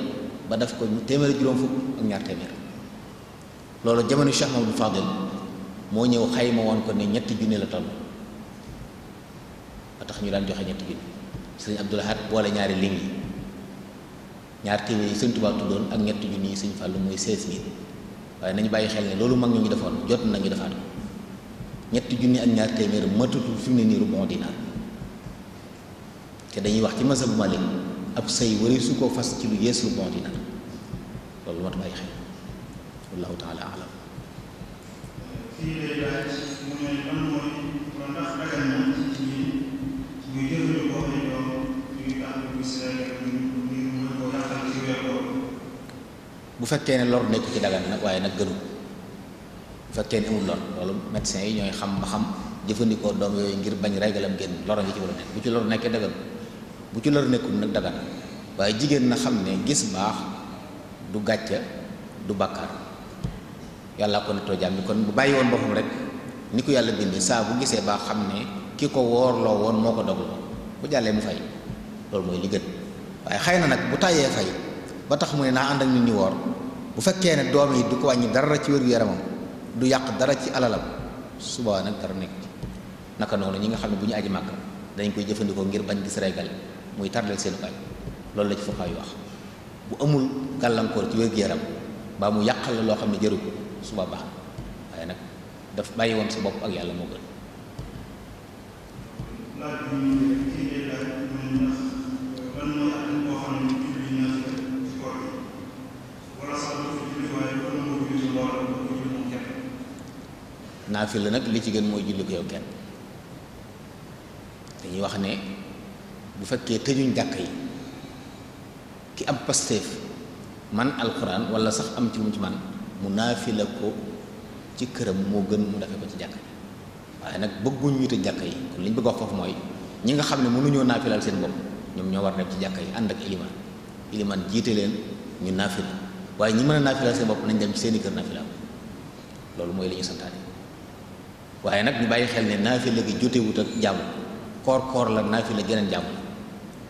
ba def ko téeméeri juróom fukk ak ñaar loolu jamono Cheikh Mamadou Fadil ñëw xayma woon ko ne ñetti junne la tax ñu daan joxe ñetti junne sëñ Abdou Lahad boole ñaari ling yi ñaar téeméer ak ñetti junne yi sëñ Fàllu mooy seize mille waaye nañu bàyyi xel ne loolu mag ñu ngi defoon jot nañu defaat ko ñetti jooni ak ñaar téeméer matutul fi mu ne nii rubon dinaar te dañuy wax ci mazhab Malik ab sëy wari su ko fas ci lu yesu rubon dinaar lolou wat bàyyi xel wallahu taala alam fii lay laaj mu ne lan moy kon ndax dagal na ci ñu jigéen muy jëfandikoo ay doom ñuy tax bu sey ñu ñu ko yàqal ci wéro bu fekkee ne lor nekk ci dagal nak waye nak gënu bu fekkee ne amul lor loolu médecins yi ñooy xam ma xam jëfandikoo doom yooyu ngir bañ regalam génn loro ngi ci war nekk bu ci lor nekkee dagan bu ci lor nekkul nag dagan waaye jigéen na xam ne gis baax du gàcca du bàkkaar yàlla ko nettoo jaam bi kon bu bàyyi woon boppam rek ni ko yàlla bindee saa bu gisee baax xam ne ki ko woorloo woon moo ko dogloo bu jàllee mu fay loolu mooy li gën waaye xëy na nag bu tàyyee fay ba tax mu ne naa ànd ak nit ñi woor bu fekkee ne doom yi du ko wàññi dara ci wér-gu-yaramam du yàq dara ci alalam subaa nag dara nekk naka noonu ñi nga xam ne bu ñu aji màkk dañ koy jëfandikoo ngir bañ gis regal muy tardeel seen kaay loolu la ci fuqaa yu wax bu amul gàllankoor ci wér-gu-yaram ba mu yàqal la loo xam ne jëru ko suba baax waaye nag dafa bàyyi woon sa bopp ak yàlla moo gën naafila nag li ci gën mooy julli ko yow kenn dañuy wax ne bu fekkee tëjuñ jàkk yi ki am pasteef man alxuraan wala sax am ci mu ci man mu naafila ko ci këram moo gën mu defee ko ci jàkk waaye nag bëgguñ ñu tëj jàkk yi kon li ñu bëgg wax foofu mooy ñi nga xam ne mënuñoo naafilal seen bopp ñoom ñoo war dem ci jàkk yi ànd ak iliman iliman jiite leen ñu naafila waaye ñi mën a naafilal seen bopp nañ dem ci seeni i kër naafila loolu mooy li ñu waaye nag ñu bàyyi xel ne naafila gi jotewut ak jàmm koor koor la naafila geneen jàmm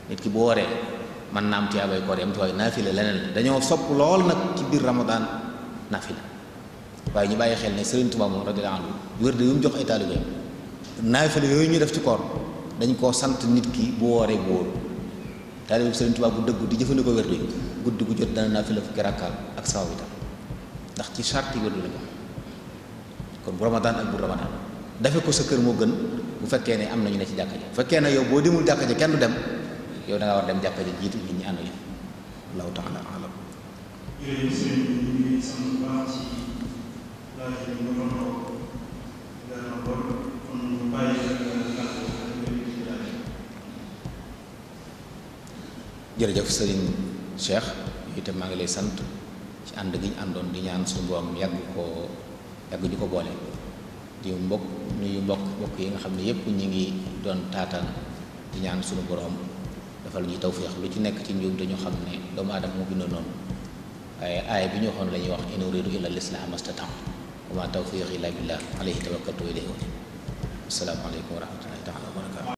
nit ki bu waree man naa am tiyaabay koor yam ci waaye naafila leneen la dañoo sopp lool nag ci biir ramadaan naafila waaye ñu bàyyi xel ne Sëriñ Tuubaa moom radiyallaahu yu jox ay taalibeem naafila yooyu ñu def ci koor dañ koo sant nit ki bu wooree bu wóor taalibeem Sëriñ Tuubaa bu dëggu di jëfandikoo wér de guddi gu jot dana naafila fukki rakkaal ak sawa bi tam ndax ci sarti wér de la kon bu ramadaan ak bu ramadaan dafe ko sa kër moo gën bu fekkee ne am nañu ne ci jàkka ji bu fekkee na yow boo demul jàkka ji kenn du dem yow da war dem jàkka ji jiitu nit ñi ànd ñu allahu taala maa ngi lay sant ci ànd gi ñu àndoon di ñaan suñu boom ko yàgg ñu ko boole di mbokk nuyu mbokk mbokk yi nga xam ne yépp ñu ngi doon taataan di ñaan suñu boroom defal ñu tawféex lu ci nekk ci njuum dañu xam ne doomu aadama moo bindoo noonu waaye aaya bi ñu waxoon la ñuy wax in uridu illa al-islaha mastata'tu wa ma tawfiiqi illa billah alayhi tawakkaltu wa ilayhi unib assalaamu aleykum wa rahmatullahi taala